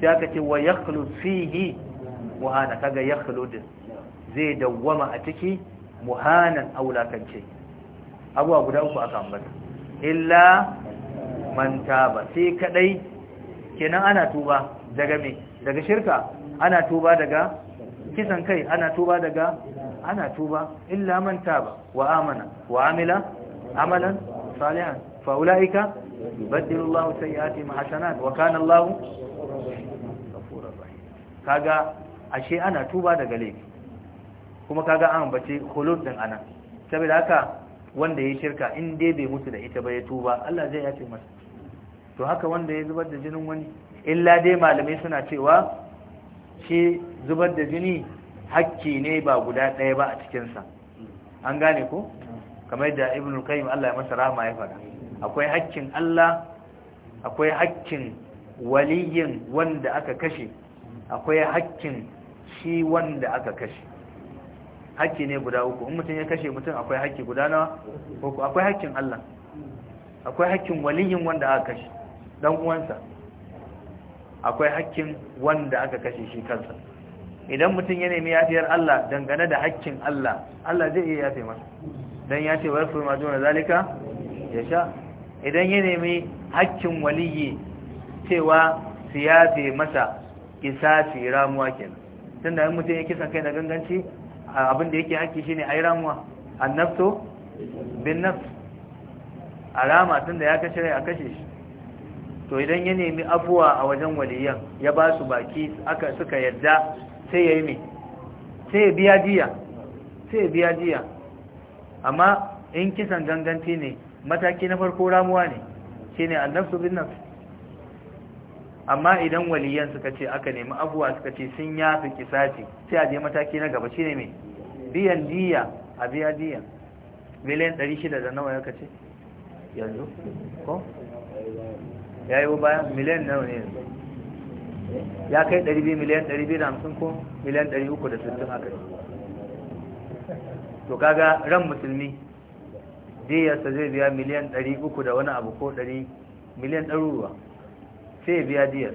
Speaker 1: sai aka ce wa yakhlu fihi hada kaga yakhlu zai dawwama a ciki muhanan aulakance abuwa guda uku aka ambata illa man taba sai kadai kenan ana tuba daga me daga shirka ana tuba daga kisan kai ana tuba daga ana tuba illa man taba wa amana wa amila amalan salihan fa ulaika yubaddilu Allahu sayyi'atihim hasanat wa kana Allahu ghafurur rahim kaga ashe ana tuba daga laifi kuma kaga an bace khulud din anan saboda haka wanda ya shirka in dai bai mutu da ita ba ya tuba Allah zai yace masa to haka wanda ya zubar da jinin wani illa dai malamai suna cewa shi zubar da jini hakki ne ba guda ɗaya ba a cikin sa an gane ko kamar da ibnu qayyim Allah ya masa rahama ya faɗa akwai hakkin Allah akwai hakkin waliyin wanda aka kashe akwai hakkin shi wanda aka kashe hakki ne guda uku in mutum ya kashe mutum akwai hakki guda nawa uku akwai hakkin Allah akwai hakkin waliyin wanda aka kashe dan uwansa akwai hakkin wanda aka kashe shi kansa idan mutum ya nemi yafiyar Allah dangane da hakkin Allah Allah zai iya yafe masa dan ya ce wa yafu ma dona zalika ya sha idan ya nemi hakkin waliyi cewa su yafe masa kisasi ramuwa kenan tunda in mutum ya kisa kai da ganganci abin da yake aiki shine ai ramuwa annafto bin nafs alama tunda ya kashe rai a kashe shi to idan ya nemi afuwa a wajen waliyan ya ba su baki aka suka yadda sai ya yi mai sai ya biya jiya sai ya biya jiya amma in kisan ganganti ne mataki na farko ramuwa ne shine Annafto, bin nafs amma idan waliyan suka ce aka nemi abuwa suka ce sun yafi kisati sai a je mataki na gaba shine mai biyan diya a biya diya miliyan 600 da nawa ya kace
Speaker 2: yanzu ko ya yi
Speaker 1: bayan miliyan nawa ne yanzu ya kai 200 miliyan 250 ko miliyan 360 aka to kaga ran musulmi diyarsa zai biya miliyan 300 da wani abu ko 100 miliyan ɗaruruwa sai biya diyar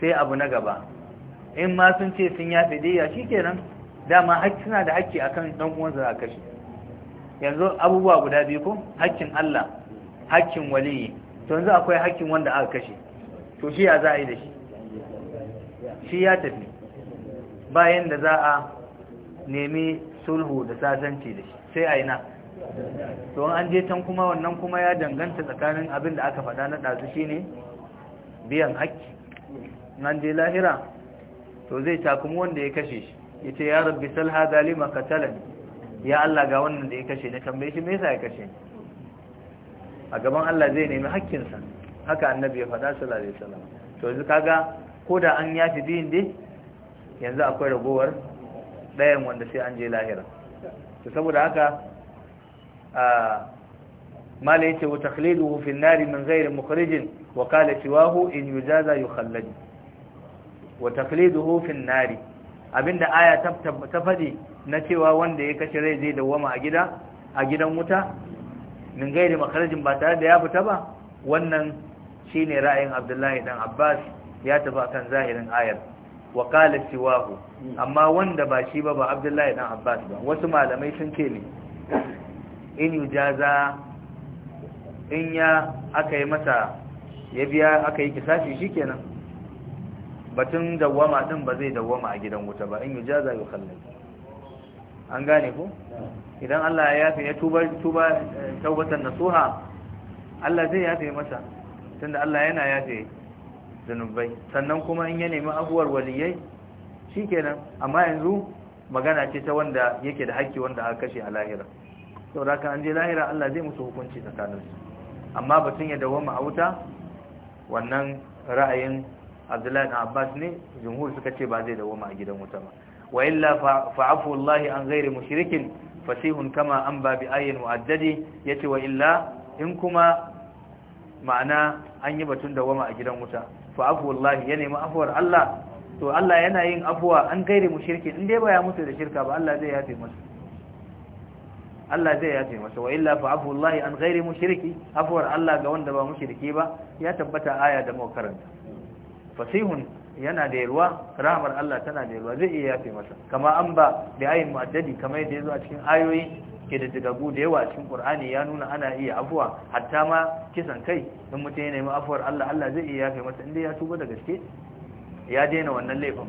Speaker 1: sai abu na gaba in ma sun ce sun yafe diya kenan. dama suna da hakki akan dan uwansa a kashe. yanzu abubuwa guda biyu ko hakkin Allah hakkin waliyi to yanzu akwai hakkin wanda aka kashe to shi ya za a yi da shi shi ya tafi bayan da za a nemi sulhu da sasanci da shi sai a yi na to an je can kuma wannan kuma ya danganta tsakanin abin da aka faɗa na ɗazu shi ne biyan haƙƙi nan je lahira to zai takumi wanda ya kashe shi ya ce ya rabbi sal zalima lima ya Allah ga wannan da ya kashe ni tambaye shi me yasa ya kashe ni a gaban Allah zai nemi haƙƙinsa haka annabi ya faɗa sallallahu alaihi wasallam to yanzu kaga ko da an yafi biyun dai yanzu akwai ragowar ɗayan wanda sai an je lahira to saboda haka mala yace wa takhliduhu fi an nari min ghairi mukhrijin wa qala siwahu in yujaza yukhallad wa takhliduhu fi an nari abinda aya ta fadi na cewa wanda ya kace rai zai dawama a gida a gidan wuta min gairi makarajin ba tare da ya fita ba wannan shine ra'ayin Abdullahi dan Abbas ya tafi akan zahirin ayar wa qala siwahu amma wanda ba shi ba ba Abdullahi dan Abbas ba wasu malamai sun ce ne in yujaza in ya aka yi mata ya biya aka yi kisafi shikenan batun dawwama din ba zai dawwama a gidan wuta ba in yujaza yukhallal an gane ko idan Allah ya yafe ya tuba tuba eh, taubatan nasuha Allah zai yafe masa tunda Allah yana yafe zanubai sannan kuma in ya nemi abuwar waliyai shikenan amma yanzu magana ce ta wanda yake da haƙƙi wanda aka kashe a lahira saboda haka an je lahira Allah zai musu hukunci tsakaninsu amma batun ya dawoma a wuta wannan ra'ayin abdullahi abbas ne jumhur suka ce ba zai dawoma a gidan wuta ba wa illa fa'afu allahi an ghairi mushrikin fasihun kama an ba bi ayin mu'addadi yace wa illa in kuma ma'ana an yi batun dawoma a gidan wuta fa'afu allahi ya nemi afuwar allah to Allah yana yin afuwa an gaire mushrikin in dai ba ya mutu da shirka ba Allah zai yafe masa Allah zai yafe masa wa illa fa afullahi an ghairi mushriki afwar Allah ga wanda ba mushriki ba ya tabbata aya da muka karanta fasihun yana da yarwa rahmar Allah tana da yarwa zai iya yafe masa kama an ba da ayin mu'addadi kamar yadda yazo a cikin ayoyi ke da digagu da yawa cikin Qur'ani ya nuna ana iya afwa hatta ma kisan kai in mutum ya nemi afwar Allah Allah zai iya yafe masa inda ya tuba da gaske ya daina wannan laifin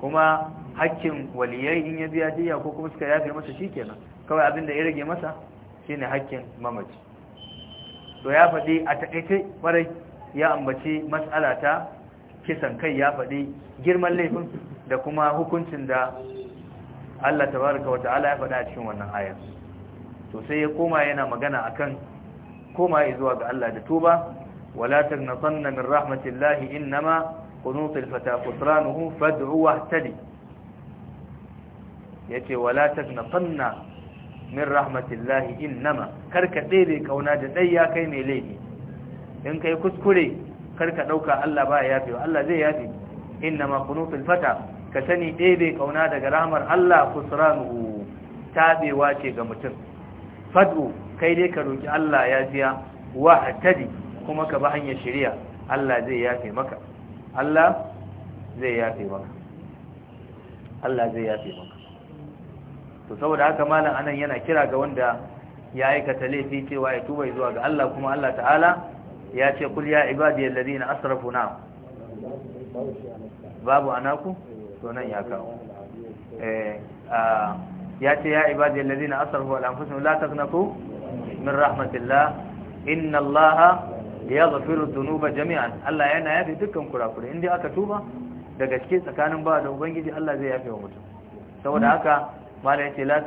Speaker 1: kuma hakkin waliyai in ya biya diya ko kuma suka yafe masa shi kenan kawai abin da ya rage masa shine hakkin mamaci to ya faɗi a taƙaice kwarai ya ambaci mas'ala ta kisan kai ya faɗi girman laifin da kuma hukuncin da Allah tabaraka wata ta'ala ya faɗa a cikin wannan aya to sai ya koma yana magana akan koma zuwa ga Allah da tuba wala tagnatanna min rahmatillahi innama qunutul fata qusranuhu fad'u wahtadi yace wala fanna min rahmatillahi innama karka dare kauna da dai ya kai mai laifi in kai kuskure karka dauka Allah ba ya yafe Allah zai yafe innama qunutul fata ka sani dare kauna daga rahmar Allah kusranuhu tabewa ce ga mutum fadu kai dai ka roki Allah ya jiya wa atadi kuma ka ba hanyar shari'a Allah zai yafe maka Allah zai yafe maka Allah zai yafe maka to saboda haka malam anan yana kira ga wanda ya aikata laifi cewa ya tuba zuwa ga Allah kuma Allah ta'ala ya ce kul ya ibadiyal ladina asrafu na babu anaku to nan ya kawo eh ya ce ya ibadiyal ladina asrafu ala anfusihim la taqnatu min rahmatillah inna Allah yaghfiru dhunuba jami'an Allah yana yafi dukkan kurakure inda aka tuba daga cikin tsakanin ba da ubangiji Allah zai yafe wa mutum saboda haka malai ce la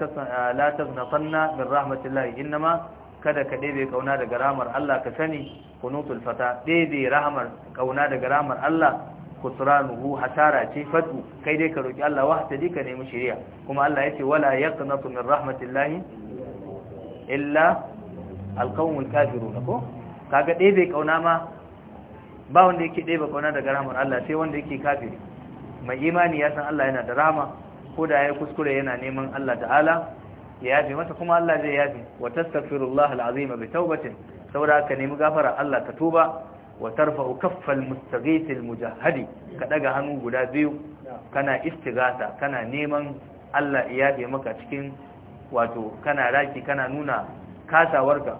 Speaker 1: taznafanna min rahmatillahi innama kada ka ɗebe kauna daga rahmar Allah ka sani kunutul fata ɗebe rahmar kauna daga rahmar Allah kusranuhu hasara ce fatu kai dai ka roki Allah wahtadi ka nemi shiriya kuma Allah yace wala yaqnatu min rahmatillahi illa alqawmul kafirun ko kaga ɗebe kauna ma ba wanda yake ɗebe kauna daga rahmar Allah sai wanda yake kafiri mai imani ya san Allah yana da rahma ko da ya kuskure yana neman Allah ta'ala ya yafe masa kuma Allah zai yafe wa tastaghfirullah alazim bi tawbatin saboda ka nemi gafara Allah ka tuba wa tarfa'u kaffal mustaghith almujahhadi ka daga hannu guda biyu kana istighatha kana neman Allah ya yafe maka cikin wato kana raki kana nuna kasawarka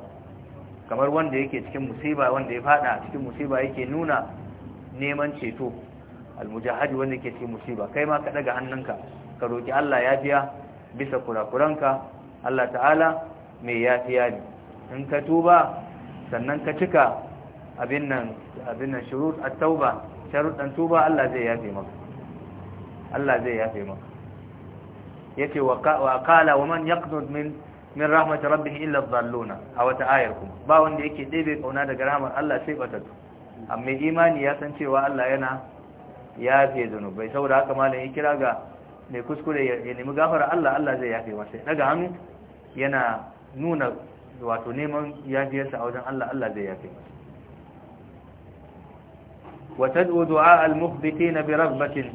Speaker 1: kamar wanda yake cikin musiba wanda ya fada cikin musiba yake nuna neman ceto almujahadi wanda yake cikin musiba kai ma ka daga hannunka ka roki Allah ya fiya bisa kurakuranka Allah ta'ala mai yafiya ne in ka tuba sannan ka cika abin nan shirur a tauba sharuɗan tuba Allah zai yafe maka Allah zai fi maka yace wa kala wa man yaqnud min min rahmatar rabbi illa adh a wata ayar kuma ba wanda yake ɗebe ƙauna daga rahmar Allah sai batatu amma imani ya san cewa Allah yana yafe zunubai saboda haka malam ya kira ga mai kuskure ya nemi gafara Allah Allah zai yafe masa daga hannu yana nuna wato neman yafiyarsa a wajen Allah Allah zai yafe masa wa tad'u du'a al-mukhbitin bi raghbatin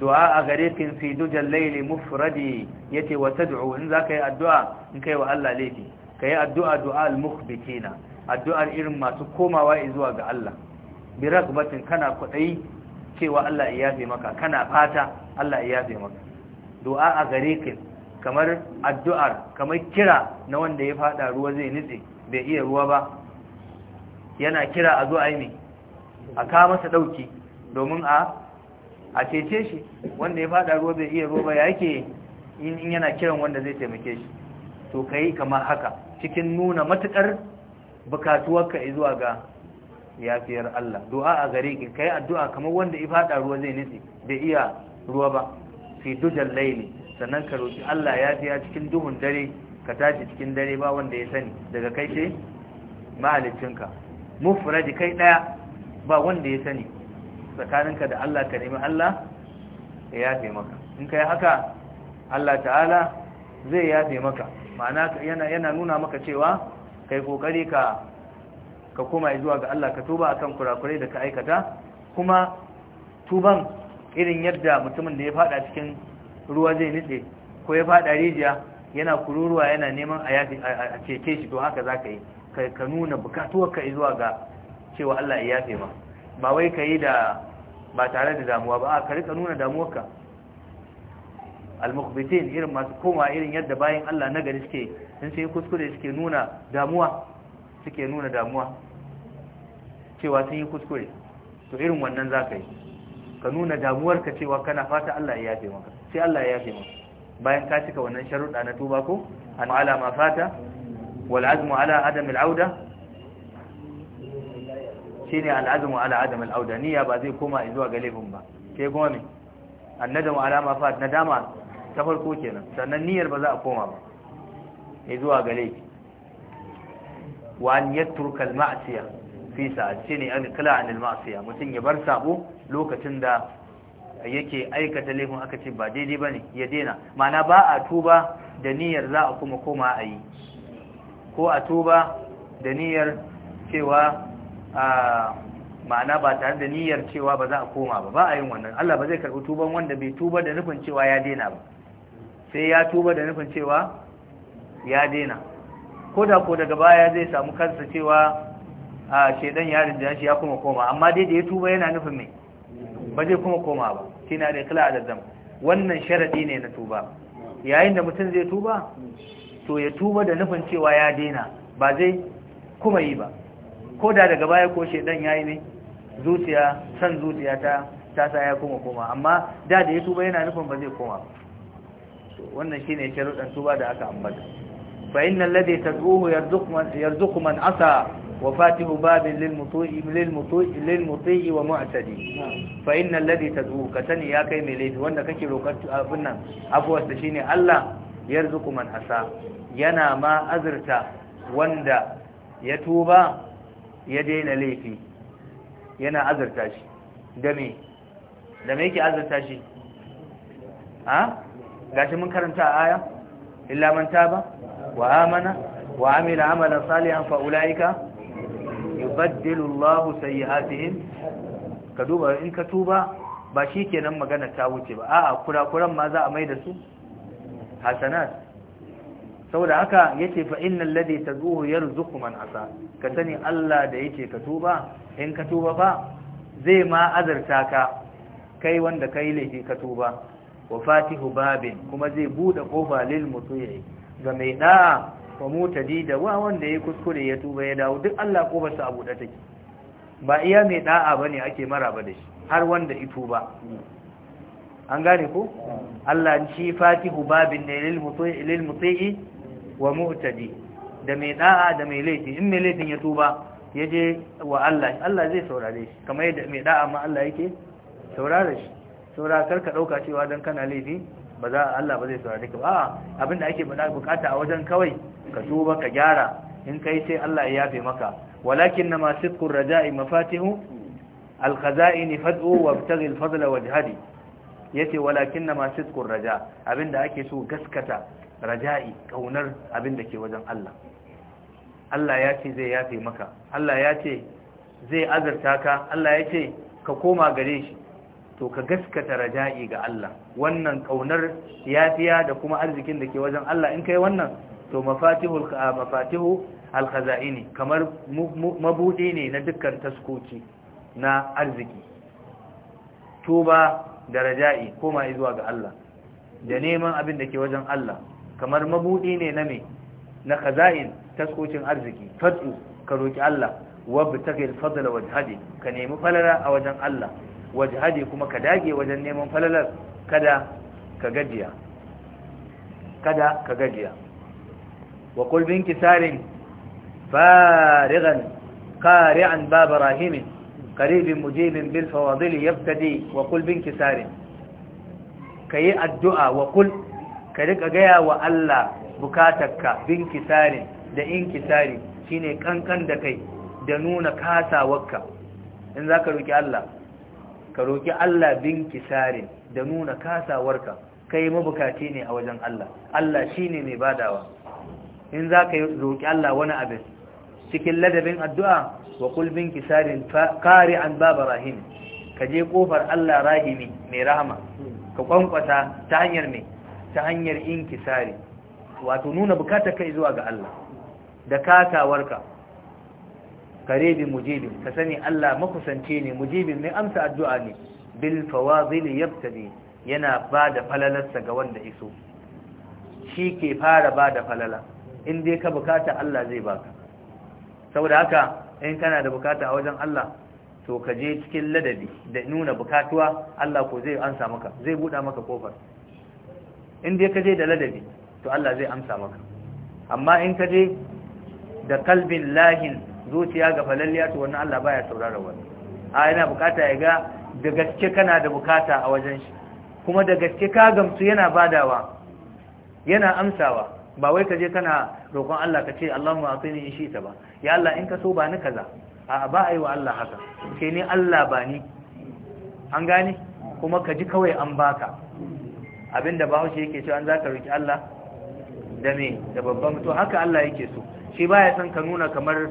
Speaker 1: du'a gariqin fi dujal layli mufradi yace wa tad'u in zaka yi addu'a in kai wa Allah laifi kai addu'a du'a al-mukhbitin addu'ar irin masu komawa zuwa ga Allah bi raghbatin kana kudai cewa Allah ya yafe maka kana fata Allah ya yafe maka du'a a gare ka kamar addu'ar kamar kira na wanda ya fada ruwa zai nitse bai iya ruwa ba yana kira a zo aimi a ka masa dauki domin a a cece shi wanda ya fada ruwa bai iya ruwa ba yake in yana kiran wanda zai taimake shi to kai kamar haka cikin nuna matukar bukatuwarka zuwa ga yafiyar Allah du'a a gare ka kai addu'a kamar wanda ya fada ruwa zai nitse bai iya ruwa ba fi dujan laili sannan ka roki Allah ya fiya cikin duhun dare ka tashi cikin dare ba wanda ya sani daga kai ce mahaliccinka mufradi kai daya ba wanda ya sani tsakaninka da Allah ka nemi Allah ya yafe maka in kai haka Allah ta'ala zai yafe maka ma'ana yana yana nuna maka cewa kai kokari ka ka koma zuwa ga Allah ka tuba akan kurakurai da ka aikata kuma tuban irin yadda mutumin da ya fada cikin ruwa zai nitse ko ya fada rijiya yana kururuwa yana neman a ceke shi to haka za ka yi ka nuna ka zuwa ga cewa Allah ya yafe ma ba wai ka yi da ba tare da damuwa ba ka rika nuna damuwarka al-mukhbitin irin masu koma irin yadda bayan Allah na gari suke sun sai kuskure suke nuna damuwa suke nuna damuwa cewa sun yi kuskure to irin wannan za ka yi ka nuna damuwarka cewa kana fata Allah ya yafe maka sai Allah ya yafe maka bayan ka cika wannan sharuɗa na tuba ko an ala ma fata wal azmu ala adam al auda
Speaker 2: shine al azmu ala adam al
Speaker 1: auda niyya ba zai koma zuwa ga laifin ba sai kuma ne. annadamu ala ma fata nadama ta farko kenan sannan niyyar ba za a koma ba zuwa ga laifi wa an yatruka al ma'siyah fi sa'ati ne an kila anil ma'siya mutum ya bar sabo lokacin da yake aikata laifin aka ce ba daidai ne ya daina mana ba a tuba da niyyar za a kuma koma a yi ko a tuba da niyyar cewa a ma'ana ba tare da niyyar cewa ba za a koma ba ba a yin wannan Allah ba zai karɓi tuban wanda bai tuba da nufin cewa ya daina ba sai ya tuba da nufin cewa ya daina ko da ko daga baya zai samu kansa cewa a shedan ya rinja shi ya kuma koma amma dai da ya tuba yana nufin mai ba zai kuma koma ba kina da ikla da zam wannan sharadi ne na tuba yayin da mutum zai tuba to ya tuba da nufin cewa ya daina ba zai kuma yi ba ko da daga baya ko shedan yayi ne zuciya san zuciya ta ta sa ya kuma koma amma da da ya tuba yana nufin ba zai koma wannan shi ne sharuɗan tuba da aka ambata fa innal ladhi tad'uhu yarzuqu man yarzuqu man asa وفاتح باب للمطيع ومعتدي فإن الذي تدعو كتني يا كي ميليد وانا كي روكت أبنا أبو أستشيني الله يرزق من أسا ينا ما أذرت واندا يتوبا يدين ليفي ينا أذرت شي دمي دمي كي أذرت شي ها gashi mun karanta aya illa man taba wa amana wa amila amalan salihan fa ulaika yubaddilu Allahu sayyi'atihim ka duba in ka tuba ba shi kenan magana ta wuce ba a'a kurakuran ma za a mai da su hasanat saboda haka yace fa innal ladhi tazuhu yarzuqu man asa ka sani Allah da yake ka tuba in ka tuba fa zai ma azarta ka kai wanda kai laifi ka tuba wa fatihu babin kuma zai bude kofa lil muti'i ga mai da'a wa di da wa wanda ya kuskure ya tuba ya dawo duk Allah ko basu abu da take ba iya mai da'a bane ake maraba da shi har wanda ito ba. an gane ko Allah shi fatihu babin ne lil muti'i lil muti'i wa mu'tadi da mai da'a da mai laifi in mai laifin ya tuba ya je wa Allah Allah zai saurare shi kamar yadda mai da'a ma Allah yake saurare shi saura karka dauka cewa dan kana laifi ba za Allah ba zai saurare ka ba abin da ake bukata a wajen kawai ka tuba ka gyara in kai sai Allah ya yafe maka walakin na masu raja'i mafatihu alkhaza'ini fad'u wabtaghi alfadla ya yace walakin na masu raja abinda ake so gaskata raja'i kaunar abinda ke wajen Allah Allah ya ce zai yafe maka Allah ya ce zai azurta ka Allah ya ce ka koma gare shi to ka gaskata raja'i ga Allah wannan kaunar yafiya da kuma arzikin da ke wajen Allah in kai wannan to mafatihul mafatihu alkhaza'ini kamar mabudi ne na dukkan taskoki na arziki tuba da raja'i koma zuwa ga Allah da neman abin da ke wajen Allah kamar mabudi ne na me na khaza'in taskocin arziki fadu ka roki Allah wabtagil fadla wajhadi ka nemi falala a wajen Allah wajhadi kuma ka dage wajen neman falalar kada ka gajiya kada ka gajiya wa qul bi inkisarin farighan qari'an bab rahim qarib mujib bil fawadil yabtadi wa qul bi kayi addu'a wa ka riga gaya wa Allah bukatarka bi da inkisari shine kankan da kai da nuna kasawarka in zaka roki Allah ka roƙi Allah bin kisarin da nuna kasawarka kai mabukaci ne a wajen Allah Allah shine mai badawa in za ka roki Allah wani abin cikin ladabin addu'a wa kul bin kisarin qari'an baba rahim ka je kofar Allah rahimi mai rahama ka kwankwasa ta hanyar mai ta hanyar inkisari wato nuna bukatar kai zuwa ga Allah da katawarka Karebin mujibin ka sani Allah makusance ne mujibin mai amsa addu'a ne bil fawazil yabtadi yana bada falalarsa ga wanda iso shi ke fara bada falala in dai ka bukata Allah zai baka saboda haka in kana da bukata a wajen Allah to ka je cikin ladabi da nuna bukatuwa Allah ko zai amsa maka zai buɗa maka kofar in dai ka je da ladabi to Allah zai amsa maka amma in ka je da kalbin lahin zuciya ga falalliya to wannan Allah baya saurara wani a yana bukata ya ga da gaske kana da bukata a wajen shi kuma da gaske ka gamsu yana badawa yana amsawa ba wai ka je kana roƙon Allah ka ce Allahumma atini in shi ta ba ya Allah in ka so ba ni kaza a ba a yi wa Allah haka Ke ni Allah ba ni an gane kuma ka ji kawai an baka abinda bahaushe yake cewa an zaka roki Allah da me da babban mutum haka Allah yake so shi baya son ka nuna kamar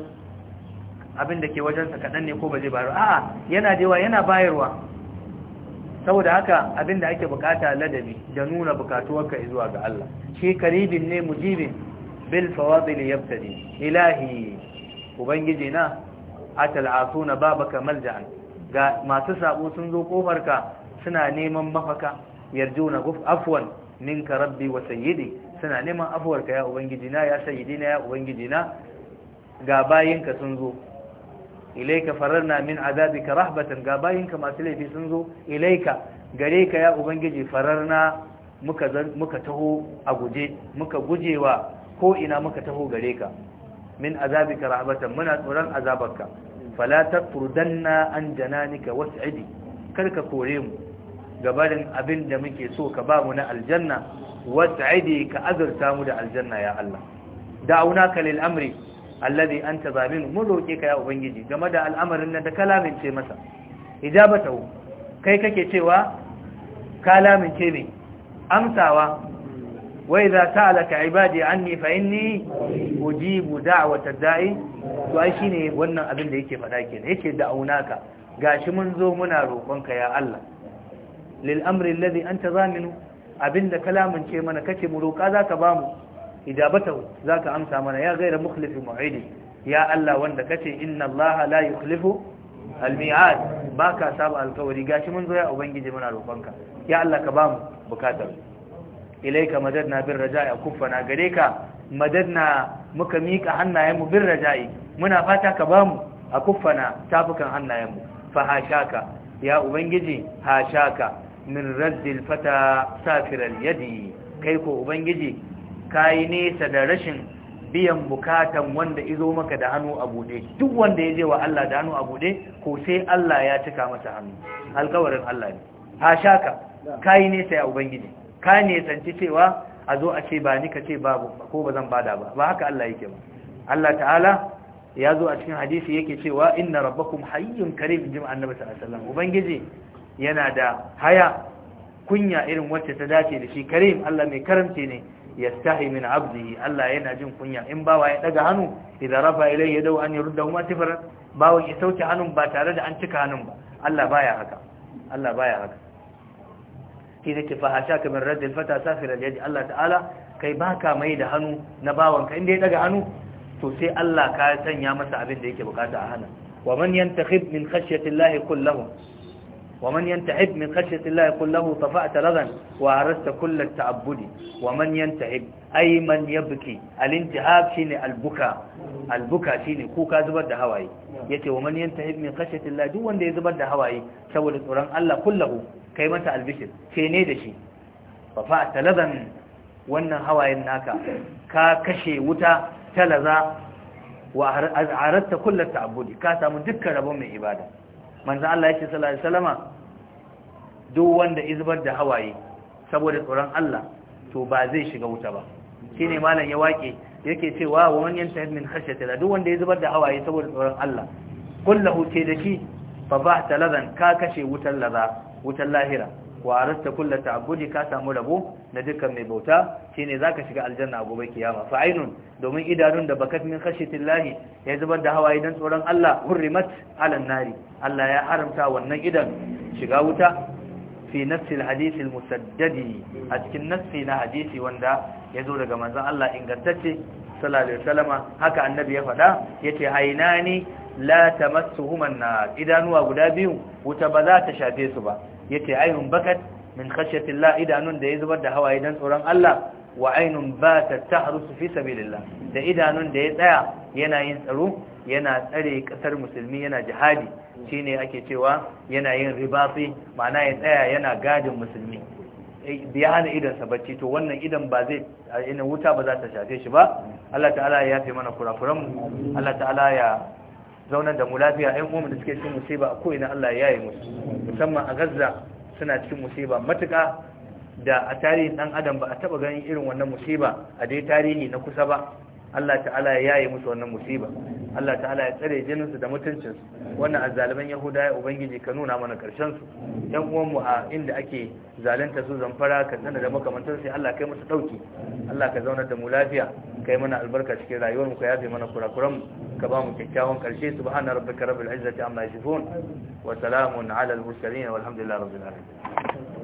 Speaker 1: abin da ke wajensa kaɗan ne ko ba zai bayar a'a yana dewa yana bayarwa saboda haka abin da ake bukata ladabi da nuna bukatuwarka zuwa ga Allah shi karibin ne mujibin bil fawadil yabtadi ilahi ubangiji na atal asuna babaka malja'an ga masu sabo sun zo kofarka suna neman mafaka yarjuna guf afwan minka rabbi wa sayyidi suna neman afuwarka ya ubangiji na ya sayyidi na ya ubangiji na ga bayinka sun zo ilaika fararna min azabika rahbatan ga masu laifi sun zo ilaika gare ka ya ubangiji fararna muka muka taho a guje muka gujewa ko ina muka taho gare ka min azabika rahbatan muna tsoron azabarka fala taqrudanna an jananika was'idi karka kore mu gabarin abin da muke so ka ba mu na aljanna was'idi ka azurta mu da aljanna ya Allah da'una ka lil amri alladhi anta zamin mun roke ka ya ubangiji game da al'amarin nan da kalamin ce masa ijabatahu kai kake cewa kalamin ce ne amsawa wa idza sa'alaka ibadi anni fa inni ujibu da'watad da'i to ai shine wannan abin da yake faɗa kenan yake da'aunaka gashi mun zo muna roƙonka ya Allah lil amri alladhi anta zaminu abinda kalamin ce mana kace mu roƙa zaka bamu ijabatahu zaka amsa mana ya gaira mukhlifi mu'idi ya Allah wanda kace inna Allah la yukhlifu almi'ad baka saba alkawari gashi mun zo ya ubangiji muna roƙonka ya Allah ka bamu bukatar ilaika madadna bir raja'i kuffana gare ka madadna muka mika hannayenmu bir raja'i muna fata ka bamu a kuffana tafukan hannayenmu fa hashaka ya ubangiji hashaka min raddil fata safiral yadi kai ko ubangiji kayi nesa da rashin biyan bukatan wanda izo maka da hannu a bude duk wanda ya je wa Allah da hannu a bude ko sai Allah ya cika masa hannu alkawarin Allah ne ha shaka kayi nesa ya ubangiji ka ne sanci cewa a zo a ce ba ni ka ce babu ko ba zan bada ba ba haka Allah yake ba Allah ta'ala ya zo a cikin hadisi yake cewa inna rabbakum hayyun karim jim annabi sallallahu alaihi wasallam ubangiji yana da haya kunya irin wacce ta dace da shi karim Allah mai karamce ne yastahi min abdihi Allah yana jin kunya in bawa ya daga hannu idan rafa ilayhi yadu an yurda kuma tifara. Bawa ya sauke hannun ba tare da an cika hannun ba Allah baya haka Allah baya haka kida ke fahasha ka min radd safira yadi Allah ta'ala kai baka mai da hannu na bawan ka inda ya daga hannu to sai Allah ka sanya masa abin da yake bukata a hannun wa man yantakhib min khashyati Allah kullahu ومن ينتعب من خشية الله يقول له طفأت لغا وعرست كل التعبد ومن ينتعب أي من يبكي الانتهاب شيني البكاء البكاء شيني كوكا زبر ده هواي يتي ومن ينتعب من خشية الله دو وان دي زبر ده هواي شول القرآن الله كله كيمة البشر شيني دشي طفأت لغا وان هواي ناكا كا كشي وتا تلغا وعرست كل التعبد كا سامو دكا ربو من عبادة manzo Allah yake sallallahu alaihi wasallama duk wanda izbar da hawaye saboda tsoron Allah to ba zai shiga wuta ba shine malam ya wake yake cewa wa man yanta min khashyati la duk wanda ya zubar da hawaye saboda tsoron Allah kullahu ce da shi fa ba taladan ka kashe wutar wutar lahira wa arasta kullu ta'budi ka samu rabo na dukkan mai bauta shine zaka shiga aljanna gobe kiyama fa ainun domin idanun da bakat min khashiyatillahi ya zubar da hawaye dan tsoron Allah hurrimat ala nari Allah ya haramta wannan idan shiga wuta fi nafsi alhadith almusaddadi a cikin nafsi na hadisi wanda ya zo daga manzon Allah ingantacce sallallahu alaihi wasallama haka annabi ya faɗa yace hainani la tamassuhuma an-nar idanuwa guda biyu wuta ba za ta shafe su ba yace ainun bakat min khashyati idanun da ya zubar da hawaye dan tsoron Allah wa ainun bata tahrusu fi sabilillah da idanun da ya tsaya yana yin tsaro yana tsare kasar musulmi yana jihadi shine ake cewa yana yin ribafi ma'ana ya tsaya yana gadin musulmi eh, ya hana idansa bacci to wannan idan ba zai ina wuta ba za ta shafe shi ba Allah ta'ala ya yafe mana kurakuranmu Allah ta'ala ya zaunar da mu lafiya ƴan uwanmu da suke cikin musiba a ko'ina Allah ya yi musu musamman a Gaza suna cikin musiba matuka da a tarihin ɗan adam ba a taba ganin irin wannan musiba a dai tarihi na kusa ba Allah ta'ala ya yaye musu wannan musiba Allah ta'ala ya tsare jininsu da mutuncinsu wannan azzaliman yahuda ya ubangiji ka nuna mana karshen su yan uwanmu a inda ake zalunta su zamfara ka tsana da makamantar sai Allah kai musu dauki Allah ka zauna da mu lafiya kai mana albarka cikin rayuwar mu ka yafe mana kurakuran mu ka ba mu kyakkyawan karshe subhana rabbika rabbil izzati amma yasifun wa salamun ala al mursalin walhamdulillahi rabbil alamin